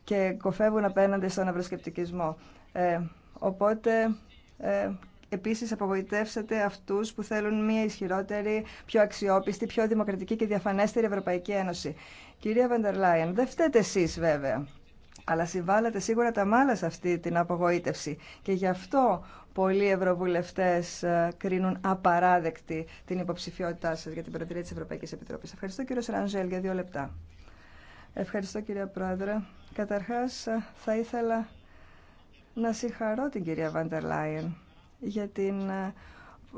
και κοφεύουν απέναντι στον ευρωσκεπτικισμό. Ε, οπότε ε, Επίσης απογοητεύσατε αυτούς που θέλουν μια ισχυρότερη, πιο αξιόπιστη, πιο δημοκρατική και διαφανέστερη Ευρωπαϊκή Ένωση. Κυρία Βαντερ Λάιεν, δεν φταίτε εσείς βέβαια. Αλλά συμβάλλατε σίγουρα τα μάλα σε αυτή την απογοήτευση. Και γι' αυτό πολλοί ευρωβουλευτές ε, κρίνουν απαράδεκτη την υποψηφιότητά σας για την Προεδρία της Ευρωπαϊκής Επιτροπής. Ευχαριστώ κύριο Σρανζέλ για δύο λεπτά. Ευχαριστώ κύριε Πρόεδρε. Καταρχάς ε, θα ήθελα να συγχαρώ την κυρία Βαντερ Λάιεν για την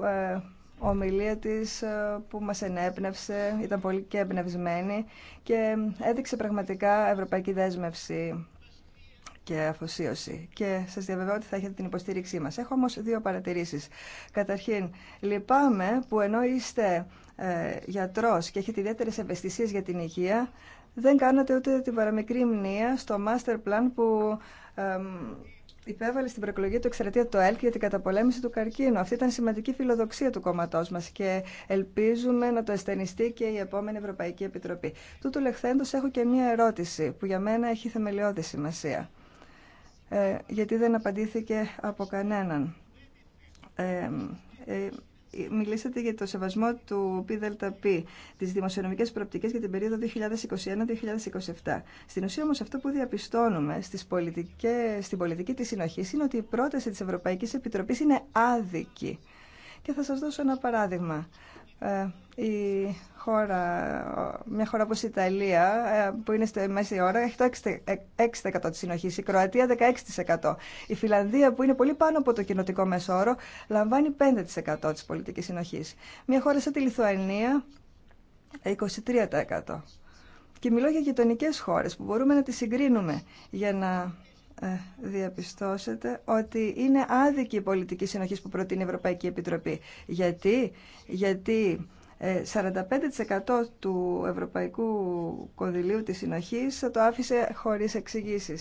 ε, ομιλία της που μας ενέπνευσε, ήταν πολύ και εμπνευσμένη και έδειξε πραγματικά ευρωπαϊκή δέσμευση και αφοσίωση. Και σα διαβεβαιώ ότι θα έχετε την υποστήριξή μα. Έχω όμω δύο παρατηρήσει. Καταρχήν, λυπάμαι που ενώ είστε ε, γιατρό και έχετε ιδιαίτερε ευαισθησίε για την υγεία, δεν κάνατε ούτε την παραμικρή μνήμα στο master plan που ε, υπέβαλε στην προεκλογή του εξαιρετία το ΕΛΚ για την καταπολέμηση του καρκίνου. Αυτή ήταν σημαντική φιλοδοξία του κόμματό μα και ελπίζουμε να το αισθενιστεί και η επόμενη Ευρωπαϊκή Επιτροπή. Τούτου λεχθέντο έχω και μία ερώτηση που για μένα έχει θεμελιώδη σημασία. Ε, γιατί δεν απαντήθηκε από κανέναν. Ε, ε, μιλήσατε για το σεβασμό του ΠΔΠ, τι δημοσιονομικέ προοπτικέ για την περίοδο 2021-2027. Στην ουσία όμως αυτό που διαπιστώνουμε στις στην πολιτική της συνοχή είναι ότι η πρόταση της Ευρωπαϊκής Επιτροπής είναι άδικη. Και θα σας δώσω ένα παράδειγμα. Ε, μια χώρα όπως η Ιταλία ε, που είναι στη μέση ώρα έχει το 6% ε, της συνοχής, η Κροατία 16%. Η Φιλανδία που είναι πολύ πάνω από το κοινοτικό μέσο όρο λαμβάνει 5% της πολιτικής συνοχής. Μια χώρα σαν τη Λιθουανία 23%. Και μιλώ για γειτονικέ χώρες που μπορούμε να τις συγκρίνουμε για να ε, διαπιστώσετε ότι είναι άδικη η πολιτική συνοχής που προτείνει η Ευρωπαϊκή Επιτροπή. Γιατί, γιατί 45% ε, του Ευρωπαϊκού Κονδυλίου της Συνοχής το άφησε χωρίς εξηγήσει.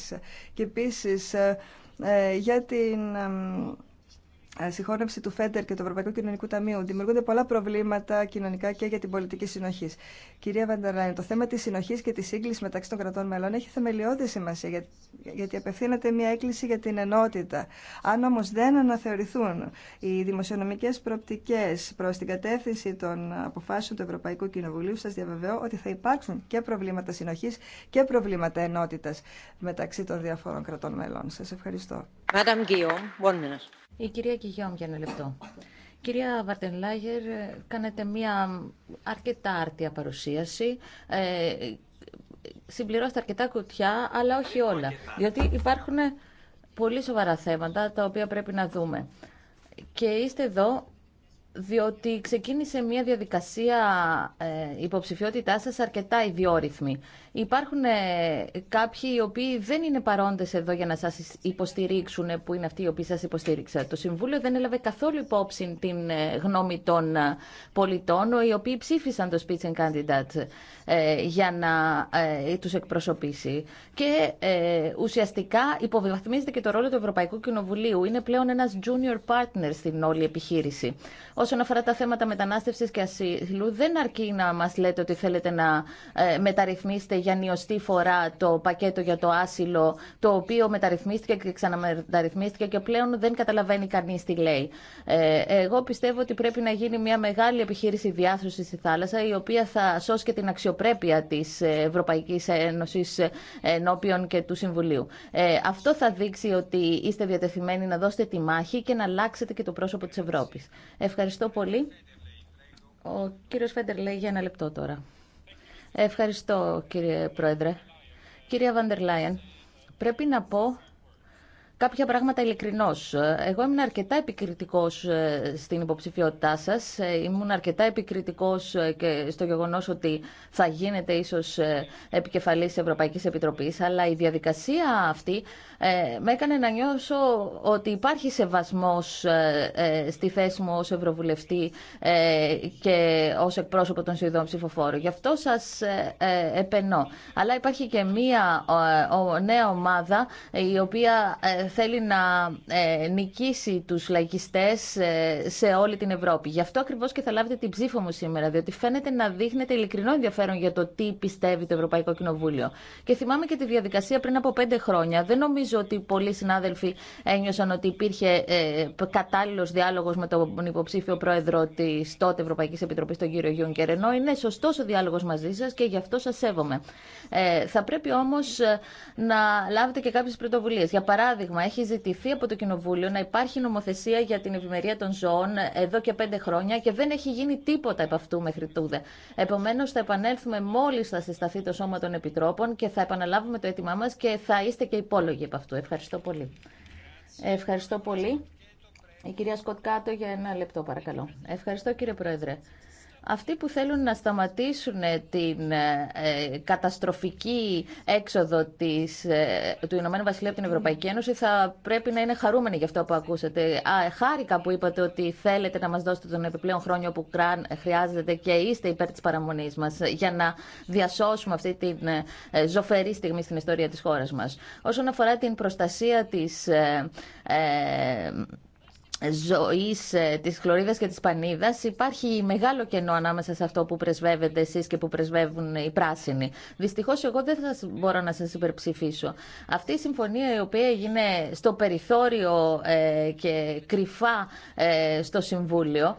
Και επίσης ε, για την ε, συγχώνευση του ΦΕΝΤΕΡ και του Ευρωπαϊκού Κοινωνικού Ταμείου δημιουργούνται πολλά προβλήματα κοινωνικά και για την πολιτική συνοχή. Κυρία Βανταράιν, το θέμα τη συνοχή και τη σύγκληση μεταξύ των κρατών μελών έχει θεμελιώδη σημασία, γιατί απευθύνεται μια έκκληση για την ενότητα. Αν όμω δεν αναθεωρηθούν οι δημοσιονομικέ προοπτικέ προ την κατεύθυνση των αποφάσεων του Ευρωπαϊκού Κοινοβουλίου, σα διαβεβαιώ ότι θα υπάρξουν και προβλήματα συνοχή και προβλήματα ενότητα μεταξύ των διαφόρων κρατών μελών. Σα ευχαριστώ. Madame Guillaume, one minute. Η κυρία Κιγιόμ για ένα λεπτό. Κυρία Βαρτενλάγερ, κάνετε μία αρκετά άρτια παρουσίαση. Ε, συμπληρώστε αρκετά κουτιά, αλλά όχι όλα. Διότι υπάρχουν πολύ σοβαρά θέματα τα οποία πρέπει να δούμε. Και είστε εδώ διότι ξεκίνησε μια διαδικασία ε, υποψηφιότητά σας αρκετά ιδιόρυθμη Υπάρχουν ε, κάποιοι οι οποίοι δεν είναι παρόντε εδώ για να σα υποστηρίξουν, ε, που είναι αυτοί οι οποίοι σα υποστήριξαν. Το Συμβούλιο δεν έλαβε καθόλου υπόψη την ε, γνώμη των πολιτών, οι οποίοι ψήφισαν το speech and candidate για να του εκπροσωπήσει. Και ουσιαστικά υποβαθμίζεται και το ρόλο του Ευρωπαϊκού Κοινοβουλίου. Είναι πλέον ένα junior partner στην όλη επιχείρηση. Όσον αφορά τα θέματα μετανάστευση και ασύλου, δεν αρκεί να μα λέτε ότι θέλετε να μεταρρυθμίσετε για νιωστή φορά το πακέτο για το άσυλο, το οποίο μεταρρυθμίστηκε και ξαναμεταρρυθμίστηκε και πλέον δεν καταλαβαίνει κανεί τι λέει. Ε, εγώ πιστεύω ότι πρέπει να γίνει μια μεγάλη επιχείρηση διάθρωση στη θάλασσα, η οποία θα σώσει και την αξιοπρέπεια τη Ευρωπαϊκή Ένωση ενώπιον και του Συμβουλίου. Ε, αυτό θα δείξει ότι είστε διατεθειμένοι να δώσετε τη μάχη και να αλλάξετε και το πρόσωπο τη Ευρώπη. Ευχαριστώ πολύ. Ο κύριος Φέντερ λέει για ένα λεπτό τώρα. Ευχαριστώ κύριε Πρόεδρε. Κυρία Βαντερ Λάιεν, πρέπει να πω κάποια πράγματα ειλικρινώ. Εγώ ήμουν αρκετά επικριτικό ε, στην υποψηφιότητά σα. Ε, ήμουν αρκετά επικριτικό ε, και στο γεγονό ότι θα γίνεται ίσω επικεφαλή Ευρωπαϊκή Επιτροπή. Αλλά η διαδικασία αυτή με έκανε να νιώσω ότι υπάρχει σεβασμό στη θέση μου ω Ευρωβουλευτή και ω εκπρόσωπο των Σουηδών ψηφοφόρων. Γι' αυτό σα επενώ. Αλλά υπάρχει και μία νέα ομάδα η οποία θέλει να ε, νικήσει τους λαϊκιστές ε, σε όλη την Ευρώπη. Γι' αυτό ακριβώς και θα λάβετε την ψήφο μου σήμερα, διότι φαίνεται να δείχνετε ειλικρινό ενδιαφέρον για το τι πιστεύει το Ευρωπαϊκό Κοινοβούλιο. Και θυμάμαι και τη διαδικασία πριν από πέντε χρόνια. Δεν νομίζω ότι πολλοί συνάδελφοι ένιωσαν ότι υπήρχε ε, κατάλληλο διάλογο με τον υποψήφιο πρόεδρο τη τότε Ευρωπαϊκή Επιτροπή, τον κύριο Γιούνκερ. Ενώ είναι σωστό ο διάλογο μαζί σα και γι' αυτό σα σέβομαι. θα πρέπει όμω να λάβετε και κάποιε πρωτοβουλίε. Για παράδειγμα, έχει ζητηθεί από το Κοινοβούλιο να υπάρχει νομοθεσία για την ευημερία των ζώων εδώ και πέντε χρόνια και δεν έχει γίνει τίποτα από αυτού μέχρι τούδε. Επομένω, θα επανέλθουμε μόλι θα συσταθεί το Σώμα των Επιτρόπων και θα επαναλάβουμε το αίτημά μα και θα είστε και υπόλογοι από αυτού. Ευχαριστώ πολύ. Ευχαριστώ πολύ. Η κυρία Σκοτκάτο για ένα λεπτό παρακαλώ. Ευχαριστώ κύριε Πρόεδρε αυτοί που θέλουν να σταματήσουν την ε, καταστροφική έξοδο της, ε, του Ηνωμένου Βασιλείου από την Ευρωπαϊκή Ένωση θα πρέπει να είναι χαρούμενοι για αυτό που ακούσατε. χάρηκα που είπατε ότι θέλετε να μας δώσετε τον επιπλέον χρόνο που χρειάζεται και είστε υπέρ της παραμονής μας για να διασώσουμε αυτή την ε, ζωφερή στιγμή στην ιστορία της χώρας μας. Όσον αφορά την προστασία της ζωή ε, τη χλωρίδα και τη πανίδα. υπάρχει μεγάλο κενό ανάμεσα σε αυτό που πρεσβεύετε εσεί και που πρεσβεύουν οι πράσινοι. Δυστυχώ, εγώ δεν θα μπορώ να σα υπερψηφίσω. Αυτή η συμφωνία η οποία έγινε στο περιθώριο ε, και κρυφά ε, στο Συμβούλιο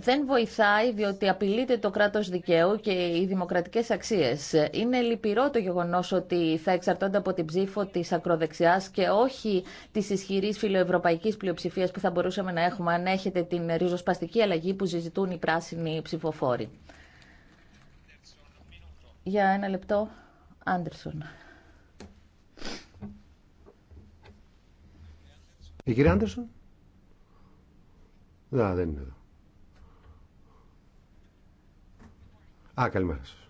δεν βοηθάει διότι απειλείται το κράτο δικαίου και οι δημοκρατικέ αξίε. Είναι λυπηρό το γεγονό ότι θα εξαρτώνται από την ψήφο τη ακροδεξιά και όχι τη ισχυρή φιλοευρωπαϊκή πλειοψηφία που θα μπορούσε μπορούσαμε να έχουμε αν έχετε την ριζοσπαστική αλλαγή που ζητούν οι πράσινοι ψηφοφόροι. Για ένα λεπτό, Άντερσον. Η κυρία Άντερσον. Να, δεν είναι εδώ. Α, καλημέρα σας.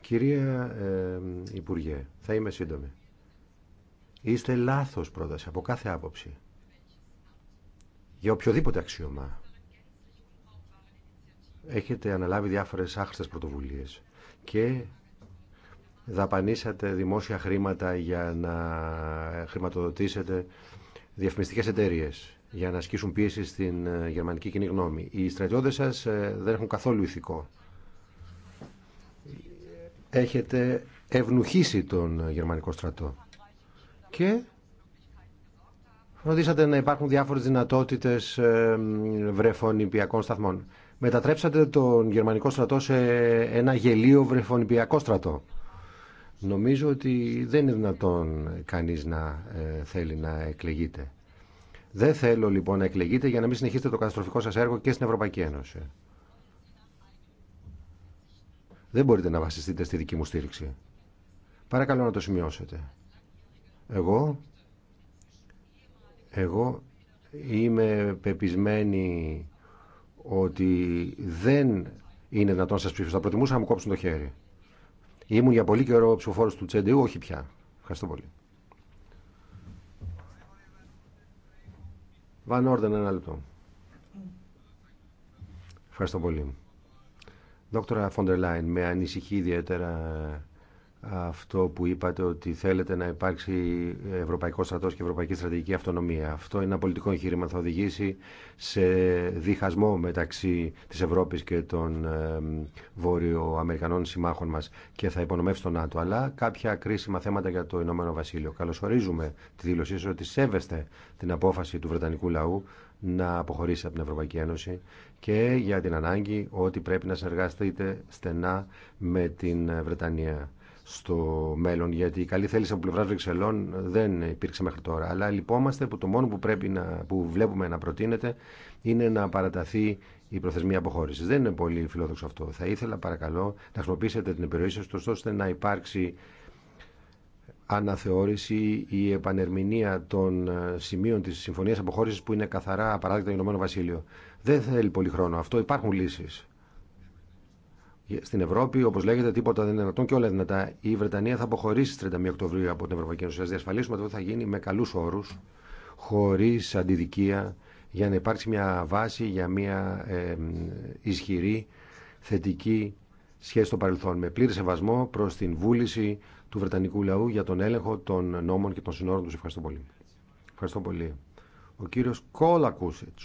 Κυρία ε, Υπουργέ, θα είμαι σύντομη. Είστε λάθος πρόταση από κάθε άποψη για οποιοδήποτε αξίωμα. Έχετε αναλάβει διάφορες άχρηστες πρωτοβουλίες και δαπανίσατε δημόσια χρήματα για να χρηματοδοτήσετε διαφημιστικές εταιρείες για να ασκήσουν πίεση στην ε, γερμανική κοινή γνώμη. Οι στρατιώτες σας ε, δεν έχουν καθόλου ηθικό. Έχετε ευνουχίσει τον γερμανικό στρατό. Και φροντίσατε να υπάρχουν διάφορες δυνατότητες βρεφονιπιακών σταθμών. Μετατρέψατε τον γερμανικό στρατό σε ένα γελίο βρεφονιπιακό στρατό. Νομίζω ότι δεν είναι δυνατόν κανείς να ε, θέλει να εκλεγείται. Δεν θέλω λοιπόν να εκλεγείτε για να μην συνεχίσετε το καταστροφικό σας έργο και στην Ευρωπαϊκή Ένωση. Δεν μπορείτε να βασιστείτε στη δική μου στήριξη. Παρακαλώ να το σημειώσετε. Εγώ εγώ είμαι πεπισμένη ότι δεν είναι δυνατόν να σας ψηφίσω. Θα προτιμούσα να μου κόψουν το χέρι. Ήμουν για πολύ καιρό ψηφοφόρος του Τσεντεού, όχι πια. Ευχαριστώ πολύ. Βαν Όρντεν, ένα λεπτό. Ευχαριστώ πολύ. Δόκτωρα Φοντερ Λάιν, με ανησυχεί ιδιαίτερα αυτό που είπατε ότι θέλετε να υπάρξει ευρωπαϊκό στρατό και ευρωπαϊκή στρατηγική αυτονομία. Αυτό είναι ένα πολιτικό εγχείρημα θα οδηγήσει σε διχασμό μεταξύ τη Ευρώπη και των ε, βόρειοαμερικανών αμερικανων συμμάχων μας και θα υπονομεύσει τον ΝΑΤΟ. Αλλά κάποια κρίσιμα θέματα για το Ηνωμένο Βασίλειο. Καλωσορίζουμε τη δήλωσή σα ότι σέβεστε την απόφαση του Βρετανικού λαού να αποχωρήσει από την Ευρωπαϊκή Ένωση και για την ανάγκη ότι πρέπει να συνεργαστείτε στενά με την Βρετανία στο μέλλον, γιατί η καλή θέληση από πλευρά Βρυξελών ε, δεν υπήρξε μέχρι τώρα. Αλλά λυπόμαστε που το μόνο που, πρέπει να, που βλέπουμε να προτείνεται είναι να παραταθεί η προθεσμία αποχώρηση. Δεν είναι πολύ φιλόδοξο αυτό. Θα ήθελα παρακαλώ να χρησιμοποιήσετε την επιρροή σα, ώστε να υπάρξει αναθεώρηση ή επανερμηνία των ε, σημείων τη συμφωνία αποχώρηση που είναι καθαρά απαράδεκτα Ηνωμένο Βασίλειο. Δεν θέλει πολύ χρόνο αυτό. Υπάρχουν λύσει. Στην Ευρώπη, όπω λέγεται, τίποτα δεν είναι δυνατόν και όλα δυνατά. Η Βρετανία θα αποχωρήσει στι 31 Οκτωβρίου από την Ευρωπαϊκή Ένωση. Α διασφαλίσουμε ότι θα γίνει με καλού όρου, χωρί αντιδικία, για να υπάρξει μια βάση για μια ε, ισχυρή θετική σχέση στο παρελθόν. Με πλήρη σεβασμό προ την βούληση του Βρετανικού λαού για τον έλεγχο των νόμων και των συνόρων του. Ευχαριστώ πολύ. Ευχαριστώ πολύ. Ο κύριο Κόλα Κούσιτ.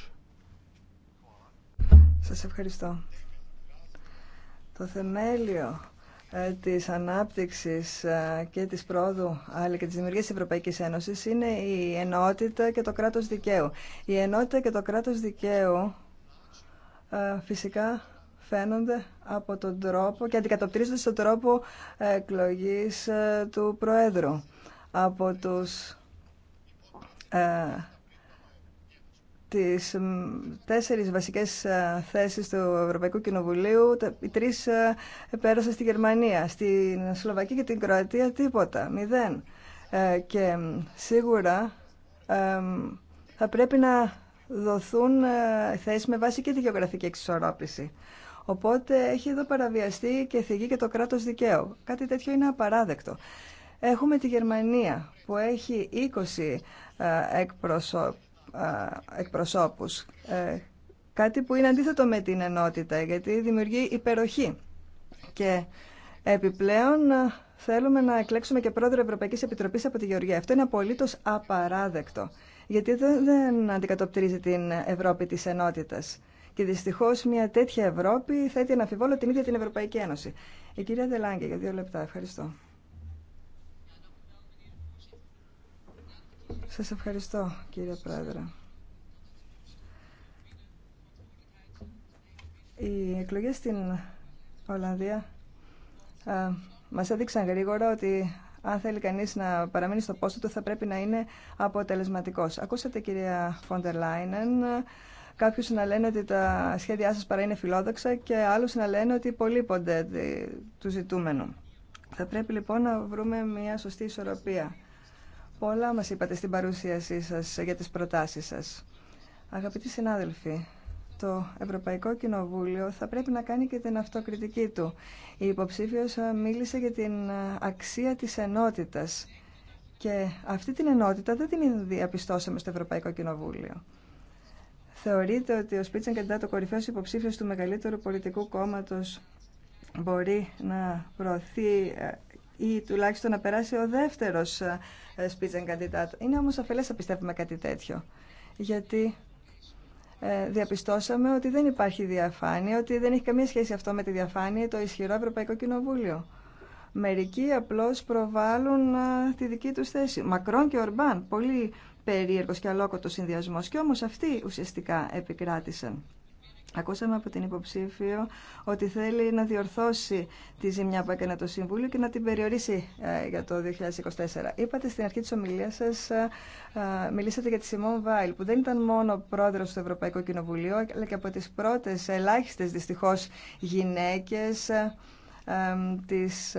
Σα ευχαριστώ το θεμέλιο ε, της ανάπτυξης ε, και της πρόοδου αλλά και της δημιουργίας της Ευρωπαϊκής Ένωσης είναι η ενότητα και το κράτος δικαίου. Η ενότητα και το κράτος δικαίου ε, φυσικά φαίνονται από τον τρόπο και αντικατοπτρίζονται στον τρόπο εκλογής του Προέδρου από τους τις τέσσερις βασικές ε, θέσεις του Ευρωπαϊκού Κοινοβουλίου, οι τρεις ε, πέρασαν στη Γερμανία. Στην Σλοβακία και την Κροατία τίποτα, μηδέν. Ε, και σίγουρα θα πρέπει να δοθούν θέσεις με βάση και τη γεωγραφική εξισορρόπηση. Οπότε έχει εδώ παραβιαστεί και θυγεί και το κράτος δικαίου. Κάτι τέτοιο είναι απαράδεκτο. Έχουμε τη Γερμανία που έχει 20 εκπροσώπους εκπροσώπους. Ε, κάτι που είναι αντίθετο με την ενότητα, γιατί δημιουργεί υπεροχή. Και επιπλέον θέλουμε να εκλέξουμε και πρόεδρο Ευρωπαϊκής Επιτροπής από τη Γεωργία. Αυτό είναι απολύτως απαράδεκτο, γιατί δεν αντικατοπτρίζει την Ευρώπη της ενότητας. Και δυστυχώ μια τέτοια Ευρώπη θέτει αναφιβόλω την ίδια την Ευρωπαϊκή Ένωση. Η ε, κυρία Δελάγκη, για δύο λεπτά. Ευχαριστώ. Σας ευχαριστώ κύριε Πρόεδρε. Οι εκλογές στην Ολλανδία α, μας έδειξαν γρήγορα ότι αν θέλει κανείς να παραμείνει στο πόστο του θα πρέπει να είναι αποτελεσματικός. Ακούσατε κυρία Φόντερ Λάινεν, κάποιους να λένε ότι τα σχέδιά σας παρά είναι φιλόδοξα και άλλους να λένε ότι υπολείπονται του ζητούμενου. Θα πρέπει λοιπόν να βρούμε μια σωστή ισορροπία Πολλά μας είπατε στην παρουσίασή σας για τις προτάσεις σας. Αγαπητοί συνάδελφοι, το Ευρωπαϊκό Κοινοβούλιο θα πρέπει να κάνει και την αυτοκριτική του. Η υποψήφιος μίλησε για την αξία της ενότητας και αυτή την ενότητα δεν την διαπιστώσαμε στο Ευρωπαϊκό Κοινοβούλιο. Θεωρείτε ότι ο Σπίτσεν το κορυφαίο υποψήφιο του μεγαλύτερου πολιτικού κόμματος, μπορεί να προωθεί ή τουλάχιστον να περάσει ο δεύτερος ε, Spitzenkandidat. Είναι όμω αφελές να πιστεύουμε κάτι τέτοιο, γιατί ε, διαπιστώσαμε ότι δεν υπάρχει διαφάνεια, ότι δεν έχει καμία σχέση αυτό με τη διαφάνεια το ισχυρό Ευρωπαϊκό Κοινοβούλιο. Μερικοί απλώ προβάλλουν ε, τη δική τους θέση. Μακρόν και Ορμπάν, πολύ περίεργο και αλόκοτο συνδυασμό. Και όμω αυτοί ουσιαστικά επικράτησαν. Ακούσαμε από την υποψήφιο ότι θέλει να διορθώσει τη ζημιά που έκανε το Συμβούλιο και να την περιορίσει ε, για το 2024. Είπατε στην αρχή της ομιλίας σας, ε, ε, μιλήσατε για τη Σιμών Βάιλ, που δεν ήταν μόνο πρόεδρος του Ευρωπαϊκού Κοινοβουλίου, αλλά και από τις πρώτες ελάχιστες δυστυχώς γυναίκες της,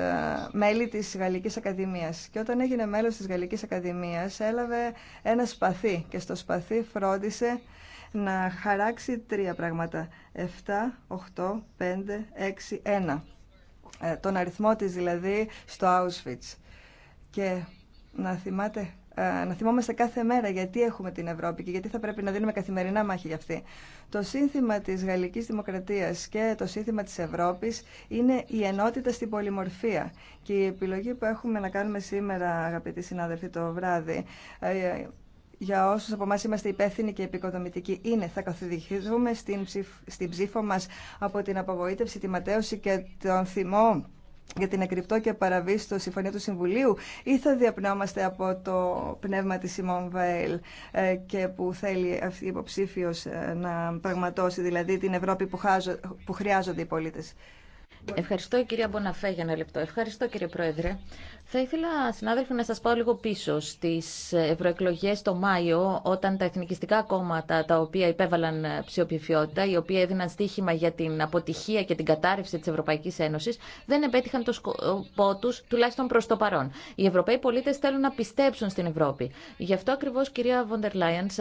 μέλη της Γαλλικής Ακαδημίας. Και όταν έγινε μέλος της Γαλλικής Ακαδημίας έλαβε ένα σπαθί και στο σπαθί φρόντισε να χαράξει τρία πράγματα. 7, 8, 5, 6, 1. Τον αριθμό της δηλαδή στο Auschwitz. Και να θυμάται ε, να θυμόμαστε κάθε μέρα γιατί έχουμε την Ευρώπη και γιατί θα πρέπει να δίνουμε καθημερινά μάχη για αυτή. Το σύνθημα της γαλλικής δημοκρατίας και το σύνθημα της Ευρώπης είναι η ενότητα στην πολυμορφία. Και η επιλογή που έχουμε να κάνουμε σήμερα, αγαπητοί συνάδελφοι, το βράδυ, ε, για όσου από εμά είμαστε υπεύθυνοι και επικοδομητικοί είναι θα καθοδηγηθούμε στην, στην ψήφο μας από την απογοήτευση, τη ματέωση και τον θυμό για την εκρυπτό και παραβίστο συμφωνία του Συμβουλίου ή θα διαπνόμαστε από το πνεύμα της Σιμών Βαέλ ε, και που θέλει αυτή η υποψήφιος ε, να πραγματώσει δηλαδή την Ευρώπη που, που χρειάζονται οι πολίτες. Ευχαριστώ κυρία Μποναφέ για ένα λεπτό. Ευχαριστώ κύριε Πρόεδρε. Θα ήθελα, συνάδελφοι, να σας πάω λίγο πίσω στις ευρωεκλογέ το Μάιο, όταν τα εθνικιστικά κόμματα τα οποία υπέβαλαν ε, ψηφιότητα, οι οποίοι έδιναν στίχημα για την αποτυχία και την κατάρρευση της Ευρωπαϊκής Ένωσης, δεν επέτυχαν το σκοπό του τουλάχιστον προς το παρόν. Οι Ευρωπαίοι πολίτες θέλουν να πιστέψουν στην Ευρώπη. Γι' αυτό ακριβώς, κυρία Βοντερ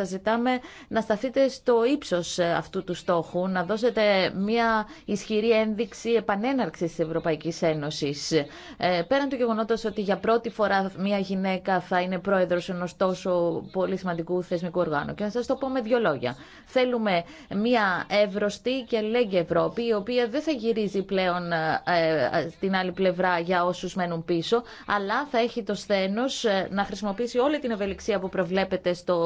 ζητάμε να σταθείτε στο ύψος ε, αυτού του στόχου, να δώσετε μια ισχυρή ένδειξη τη της Ευρωπαϊκής Ένωσης. Ε, πέραν του γεγονότος ότι για πρώτη φορά μια γυναίκα θα είναι πρόεδρος ενός τόσο πολύ σημαντικού θεσμικού οργάνου. Και να σα το πω με δύο λόγια. Θέλουμε μια ευρωστή και λέγε Ευρώπη, η οποία δεν θα γυρίζει πλέον ε, ε, στην άλλη πλευρά για όσου μένουν πίσω, αλλά θα έχει το σθένος να χρησιμοποιήσει όλη την ευελιξία που προβλέπεται στο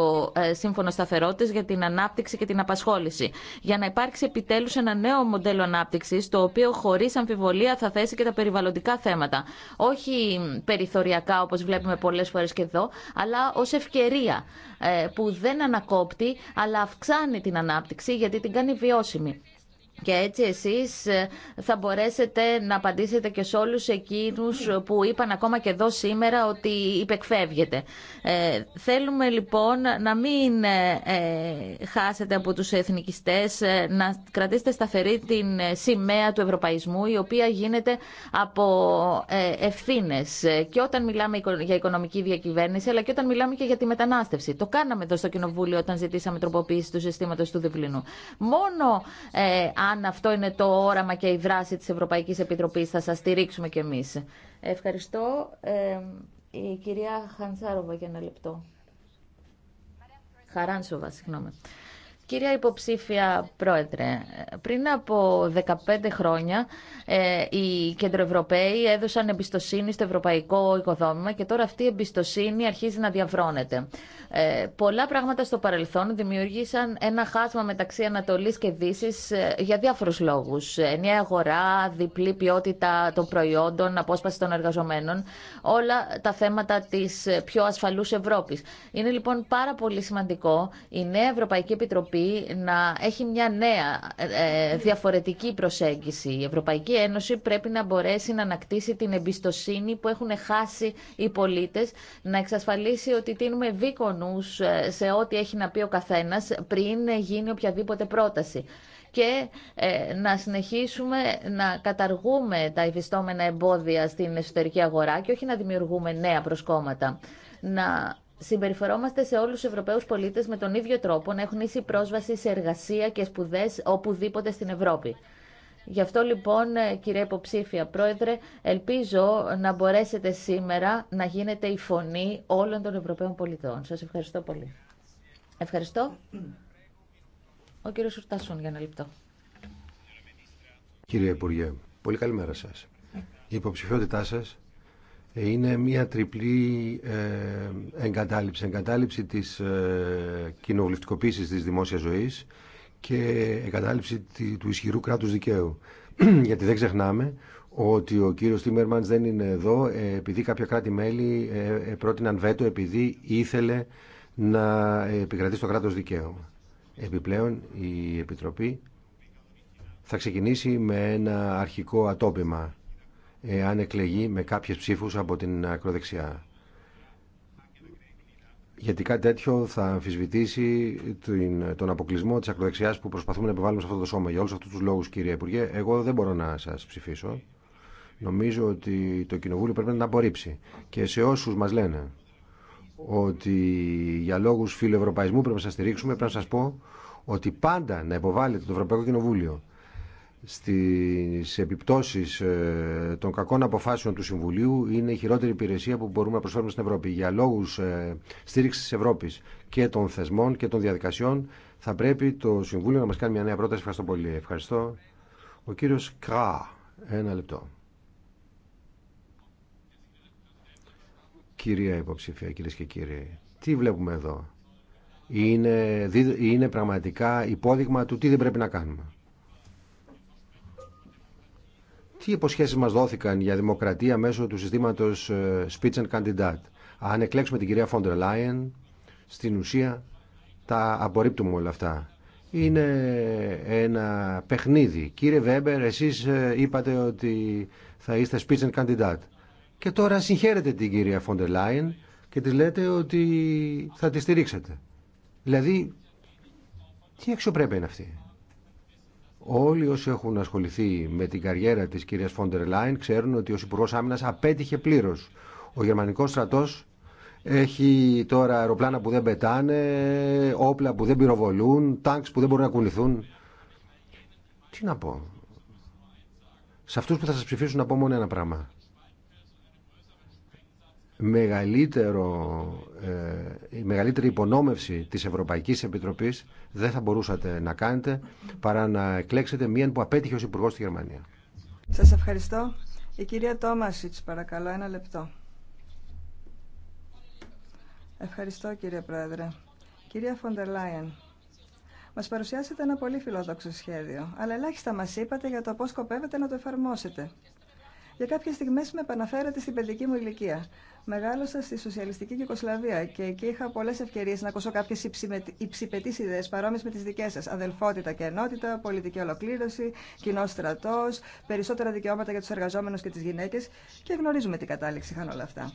Σύμφωνο Σταθερότητα για την ανάπτυξη και την απασχόληση. Για να υπάρξει επιτέλου ένα νέο μοντέλο ανάπτυξη, το οποίο χωρί αμφιβολία θα θέσει και τα περιβαλλοντικά θέματα. Όχι περιθωριακά όπω βλέπουμε πολλέ φορέ και εδώ, αλλά ω ευκαιρία ε, που δεν ανακόπτει αλλά αυξάνει την ανάπτυξη γιατί την κάνει βιώσιμη. Και έτσι εσείς ε, θα μπορέσετε να απαντήσετε και σε όλους εκείνους που είπαν ακόμα και εδώ σήμερα ότι υπεκφεύγετε. Ε, θέλουμε λοιπόν να μην ε, ε χάσετε από τους εθνικιστές, ε, να κρατήσετε σταθερή την σημαία του ευρωπαϊσμού η οποία γίνεται από ευθύνε. και όταν μιλάμε για οικονομική διακυβέρνηση αλλά και όταν μιλάμε και για τη μετανάστευση. Το κάναμε εδώ στο Κοινοβούλιο όταν ζητήσαμε τροποποίηση του συστήματος του Διβλίνου. Μόνο ε, αν αυτό είναι το όραμα και η δράση της Ευρωπαϊκής Επιτροπής. Θα σας στηρίξουμε κι εμείς. Ευχαριστώ. Ε, η κυρία Χανσάροβα για ένα λεπτό. Χαράνσοβα, συγγνώμη. Κυρία Υποψήφια Πρόεδρε, πριν από 15 χρόνια ε, οι κεντροευρωπαίοι έδωσαν εμπιστοσύνη στο ευρωπαϊκό οικοδόμημα και τώρα αυτή η εμπιστοσύνη αρχίζει να διαβρώνεται. Ε, πολλά πράγματα στο παρελθόν δημιούργησαν ένα χάσμα μεταξύ Ανατολής και Δύσης ε, για διάφορους λόγους. Ενιαία αγορά, διπλή ποιότητα των προϊόντων, απόσπαση των εργαζομένων, όλα τα θέματα της πιο ασφαλούς Ευρώπης. Είναι λοιπόν πάρα πολύ σημαντικό η νέα Ευρωπαϊκή Επιτροπή να έχει μια νέα ε, ε, διαφορετική προσέγγιση. Η Ευρωπαϊκή Ένωση πρέπει να μπορέσει να ανακτήσει την εμπιστοσύνη που έχουν χάσει οι πολίτες, να εξασφαλίσει ότι τίνουμε βίκονους ε, σε ό,τι έχει να πει ο καθένας πριν γίνει οποιαδήποτε πρόταση και να συνεχίσουμε να καταργούμε τα υφιστόμενα εμπόδια στην εσωτερική αγορά και όχι να δημιουργούμε νέα προσκόμματα. Να συμπεριφερόμαστε σε όλους τους Ευρωπαίους πολίτες με τον ίδιο τρόπο να έχουν ίση πρόσβαση σε εργασία και σπουδές οπουδήποτε στην Ευρώπη. Γι' αυτό λοιπόν, ε, κύριε υποψήφια πρόεδρε, ελπίζω να μπορέσετε σήμερα να γίνετε η φωνή όλων των Ευρωπαίων πολιτών. Σας ευχαριστώ πολύ. Ευχαριστώ. Ο κύριος Ουρτασούν για ένα λεπτό. Κύριε Υπουργέ, πολύ καλημέρα σας. Η υποψηφιότητά σας είναι μια τριπλή ε, εγκατάλειψη. Εγκατάλειψη της ε, κοινοβουλευτικοποίησης της δημόσιας ζωής και εγκατάλειψη του ισχυρού κράτους δικαίου. <clears throat> Γιατί δεν ξεχνάμε ότι ο κύριος Τίμερμανς δεν είναι εδώ ε, επειδή κάποια κράτη-μέλη πρότειναν βέτο επειδή ήθελε να επικρατήσει το κράτος δικαίου. Επιπλέον η Επιτροπή θα ξεκινήσει με ένα αρχικό ατόπιμα αν εκλεγεί με κάποιες ψήφους από την ακροδεξιά. Γιατί κάτι τέτοιο θα αμφισβητήσει τον αποκλεισμό της ακροδεξιάς που προσπαθούμε να επιβάλλουμε σε αυτό το σώμα. Για όλους αυτούς τους λόγους, κύριε Υπουργέ, εγώ δεν μπορώ να σας ψηφίσω. Νομίζω ότι το Κοινοβούλιο πρέπει να την απορρίψει. Και σε όσους μας λένε ότι για λόγους φιλοευρωπαϊσμού πρέπει να σας στηρίξουμε, πρέπει να σας πω ότι πάντα να υποβάλλετε το Ευρωπαϊκό Κοινοβούλιο στις επιπτώσεις ε, των κακών αποφάσεων του Συμβουλίου είναι η χειρότερη υπηρεσία που μπορούμε να προσφέρουμε στην Ευρώπη. Για λόγους ε, στήριξης της Ευρώπης και των θεσμών και των διαδικασιών θα πρέπει το Συμβούλιο να μας κάνει μια νέα πρόταση. Ευχαριστώ πολύ. Ευχαριστώ. Ο κύριος Κρά. Ένα λεπτό. Κυρία υποψηφία, κυρίες και κύριοι, τι βλέπουμε εδώ. Είναι, είναι πραγματικά υπόδειγμα του τι δεν πρέπει να κάνουμε. τι υποσχέσεις μας δόθηκαν για δημοκρατία μέσω του συστήματος ε, Candidate. Αν εκλέξουμε την κυρία Φόντερ Λάιεν, στην ουσία τα απορρίπτουμε όλα αυτά. Είναι ένα παιχνίδι. Κύριε Βέμπερ, εσείς ε, είπατε ότι θα είστε speech and Candidate. Και τώρα συγχαίρετε την κυρία Φόντερ Λάιεν και τη λέτε ότι θα τη στηρίξετε. Δηλαδή, τι αξιοπρέπεια είναι αυτή. Όλοι όσοι έχουν ασχοληθεί με την καριέρα της κυρίας Φόντερ Λάιν ξέρουν ότι ο Υπουργό Άμυνας απέτυχε πλήρως. Ο γερμανικός στρατός έχει τώρα αεροπλάνα που δεν πετάνε, όπλα που δεν πυροβολούν, τάγκ που δεν μπορούν να κουνηθούν. Τι να πω. Σε αυτούς που θα σας ψηφίσουν να πω μόνο ένα πράγμα μεγαλύτερο, ε, η μεγαλύτερη υπονόμευση της Ευρωπαϊκής Επιτροπής δεν θα μπορούσατε να κάνετε παρά να εκλέξετε μίαν που απέτυχε ως Υπουργός στη Γερμανία. Σας ευχαριστώ. Η κυρία Τόμασιτς, παρακαλώ, ένα λεπτό. Ευχαριστώ, κύριε Πρόεδρε. Κυρία Φοντερ Λάιεν, Μα παρουσιάσετε ένα πολύ φιλόδοξο σχέδιο, αλλά ελάχιστα μα είπατε για το πώ σκοπεύετε να το εφαρμόσετε. Για κάποιε στιγμέ με επαναφέρατε στην παιδική μου ηλικία. Μεγάλωσα στη σοσιαλιστική Γιουγκοσλαβία και εκεί είχα πολλέ ευκαιρίε να ακούσω κάποιε υψηπετεί ιδέε παρόμοιε με τι δικέ σα. Αδελφότητα και ενότητα, πολιτική ολοκλήρωση, κοινό στρατό, περισσότερα δικαιώματα για του εργαζόμενου και τι γυναίκε και γνωρίζουμε τι κατάληξη είχαν όλα αυτά.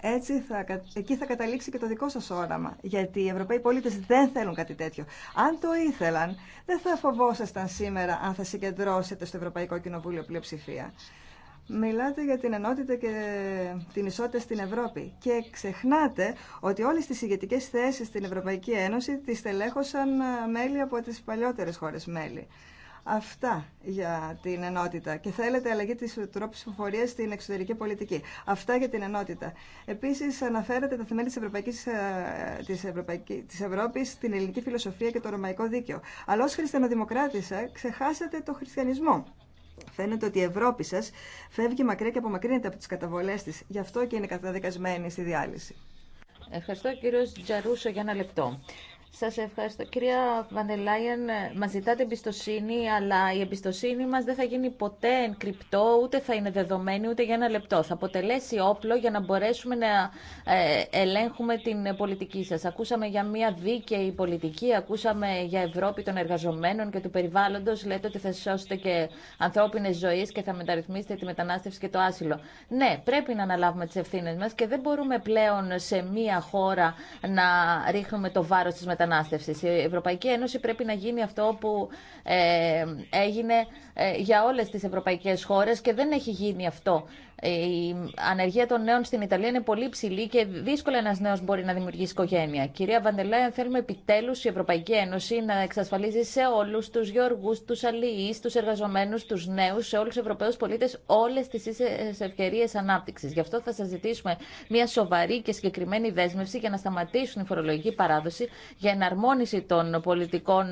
Έτσι θα, εκεί θα καταλήξει και το δικό σας όραμα, γιατί οι Ευρωπαίοι πολίτες δεν θέλουν κάτι τέτοιο. Αν το ήθελαν, δεν θα φοβόσασταν σήμερα αν θα συγκεντρώσετε στο Ευρωπαϊκό Κοινοβούλιο πλειοψηφία. Μιλάτε για την ενότητα και την ισότητα στην Ευρώπη και ξεχνάτε ότι όλες τις ηγετικέ θέσεις στην Ευρωπαϊκή Ένωση τις τελέχωσαν ε, μέλη από τις παλιότερες χώρες μέλη. Αυτά για την ενότητα. Και θέλετε αλλαγή τη τρόπου ψηφοφορία στην εξωτερική πολιτική. Αυτά για την ενότητα. Επίσης αναφέρετε τα θεμέλια τη Ευρωπαϊκής, ε, της της Ευρώπη, την ελληνική φιλοσοφία και το ρωμαϊκό δίκαιο. Αλλά ως χριστιανοδημοκράτησα, ξεχάσατε το χριστιανισμό. Φαίνεται ότι η Ευρώπη σα φεύγει μακριά και απομακρύνεται από τις καταβολές της. Γι' αυτό και είναι καταδικασμένη στη διάλυση. Ευχαριστώ κύριο Τζαρούσο για ένα λεπτό. Σα ευχαριστώ. Κυρία Βαντελάιεν, μας ζητάτε εμπιστοσύνη, αλλά η εμπιστοσύνη μα δεν θα γίνει ποτέ εν κρυπτό, ούτε θα είναι δεδομένη, ούτε για ένα λεπτό. Θα αποτελέσει όπλο για να μπορέσουμε να ε, ελέγχουμε την πολιτική σα. Ακούσαμε για μια δίκαιη πολιτική, ακούσαμε για Ευρώπη των εργαζομένων και του περιβάλλοντο. Λέτε ότι θα σώσετε και ανθρώπινε ζωέ και θα μεταρρυθμίσετε τη μετανάστευση και το άσυλο. Ναι, πρέπει να αναλάβουμε τι ευθύνε μα και δεν μπορούμε πλέον σε μια χώρα να ρίχνουμε το βάρο τη μετανάστευση η Ευρωπαϊκή Ένωση πρέπει να γίνει αυτό που ε, έγινε ε, για όλες τις ευρωπαϊκές χώρες και δεν έχει γίνει αυτό. Ε, η ανεργία των νέων στην Ιταλία είναι πολύ ψηλή και δύσκολα ένα νέο μπορεί να δημιουργήσει οικογένεια. Κυρία Βαντελάιν, θέλουμε επιτέλου η Ευρωπαϊκή Ένωση να εξασφαλίζει σε όλου του γεωργού, του αλληλεί, του εργαζομένου, του νέου, σε όλου του Ευρωπαίου πολίτε όλε τι ευκαιρίε ανάπτυξη. Γι' αυτό θα σα ζητήσουμε μια σοβαρή και συγκεκριμένη δέσμευση για να σταματήσουν η φορολογική παράδοση, για εναρμόνιση των πολιτικών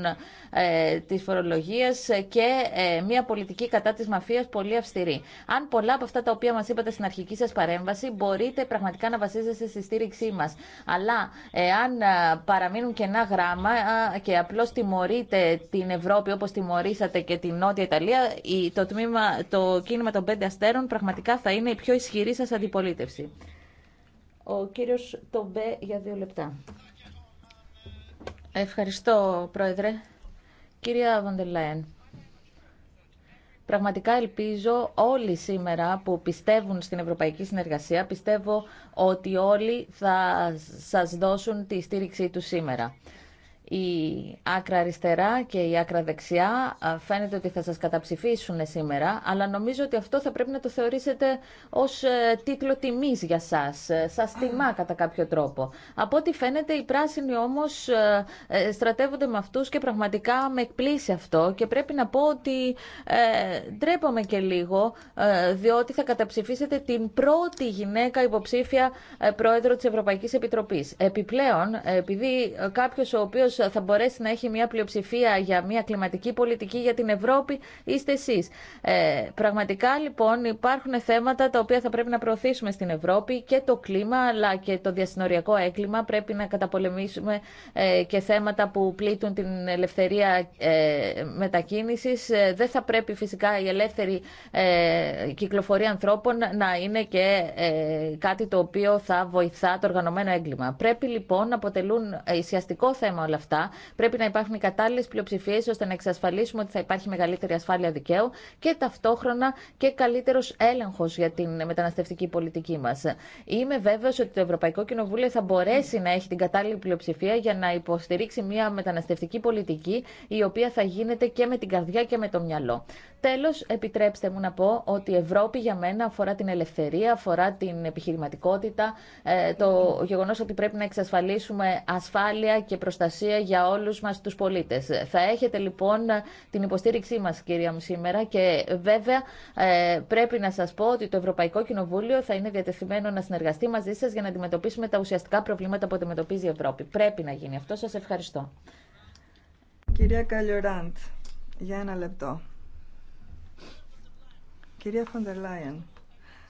ε, τη φορολογία και ε, μια πολιτική κατά τη μαφία πολύ αυστηρή. Αν πολλά από αυτά τα οποία Μα είπατε στην αρχική σας παρέμβαση, μπορείτε πραγματικά να βασίζεστε στη στήριξή μας. Αλλά εάν παραμείνουν κενά γράμμα και απλώς τιμωρείτε την Ευρώπη όπως τιμωρήσατε και την Νότια Ιταλία, το, το κίνημα των πέντε αστέρων πραγματικά θα είναι η πιο ισχυρή σας αντιπολίτευση. Ο κύριος Τομπέ για δύο λεπτά. Ευχαριστώ, Πρόεδρε. Κυρία Βοντελαέν. Πραγματικά ελπίζω όλοι σήμερα που πιστεύουν στην ευρωπαϊκή συνεργασία, πιστεύω ότι όλοι θα σας δώσουν τη στήριξή τους σήμερα η άκρα αριστερά και η άκρα δεξιά φαίνεται ότι θα σας καταψηφίσουν σήμερα, αλλά νομίζω ότι αυτό θα πρέπει να το θεωρήσετε ως ε, τίτλο τιμής για σας. Ε, σας τιμά κατά κάποιο τρόπο. Από ό,τι φαίνεται οι πράσινοι όμως ε, στρατεύονται με αυτούς και πραγματικά με εκπλήσει αυτό και πρέπει να πω ότι ντρέπομαι και λίγο διότι θα καταψηφίσετε την πρώτη γυναίκα υποψήφια πρόεδρο της Ευρωπαϊκής Επιτροπής. Επιπλέον, επειδή κάποιο ο οποίος θα μπορέσει να έχει μια πλειοψηφία για μια κλιματική πολιτική για την Ευρώπη είστε εσεί. Ε, πραγματικά λοιπόν υπάρχουν θέματα τα οποία θα πρέπει να προωθήσουμε στην Ευρώπη και το κλίμα αλλά και το διασυνοριακό έγκλημα. Πρέπει να καταπολεμήσουμε ε, και θέματα που πλήττουν την ελευθερία ε, μετακίνηση. Ε, δεν θα πρέπει φυσικά η ελεύθερη ε, κυκλοφορία ανθρώπων να είναι και ε, κάτι το οποίο θα βοηθά το οργανωμένο έγκλημα. Πρέπει λοιπόν να αποτελούν ουσιαστικό θέμα όλα αυτά Πρέπει να υπάρχουν οι κατάλληλε πλειοψηφίε ώστε να εξασφαλίσουμε ότι θα υπάρχει μεγαλύτερη ασφάλεια δικαίου και ταυτόχρονα και καλύτερο έλεγχο για την μεταναστευτική πολιτική μα. Είμαι βέβαιο ότι το Ευρωπαϊκό Κοινοβούλιο θα μπορέσει να έχει την κατάλληλη πλειοψηφία για να υποστηρίξει μια μεταναστευτική πολιτική η οποία θα γίνεται και με την καρδιά και με το μυαλό. Τέλο, επιτρέψτε μου να πω ότι η Ευρώπη για μένα αφορά την ελευθερία, αφορά την επιχειρηματικότητα, ε, το γεγονό ότι πρέπει να εξασφαλίσουμε ασφάλεια και προστασία για όλους μας τους πολίτες. Θα έχετε λοιπόν την υποστήριξή μας κυρία μου σήμερα και βέβαια ε, πρέπει να σας πω ότι το Ευρωπαϊκό Κοινοβούλιο θα είναι διατεθειμένο να συνεργαστεί μαζί σας για να αντιμετωπίσουμε τα ουσιαστικά προβλήματα που αντιμετωπίζει η Ευρώπη. Πρέπει να γίνει αυτό. Σας ευχαριστώ. Κυρία Καλιοράντ, για ένα λεπτό. Κυρία Φοντερ Λάιεν,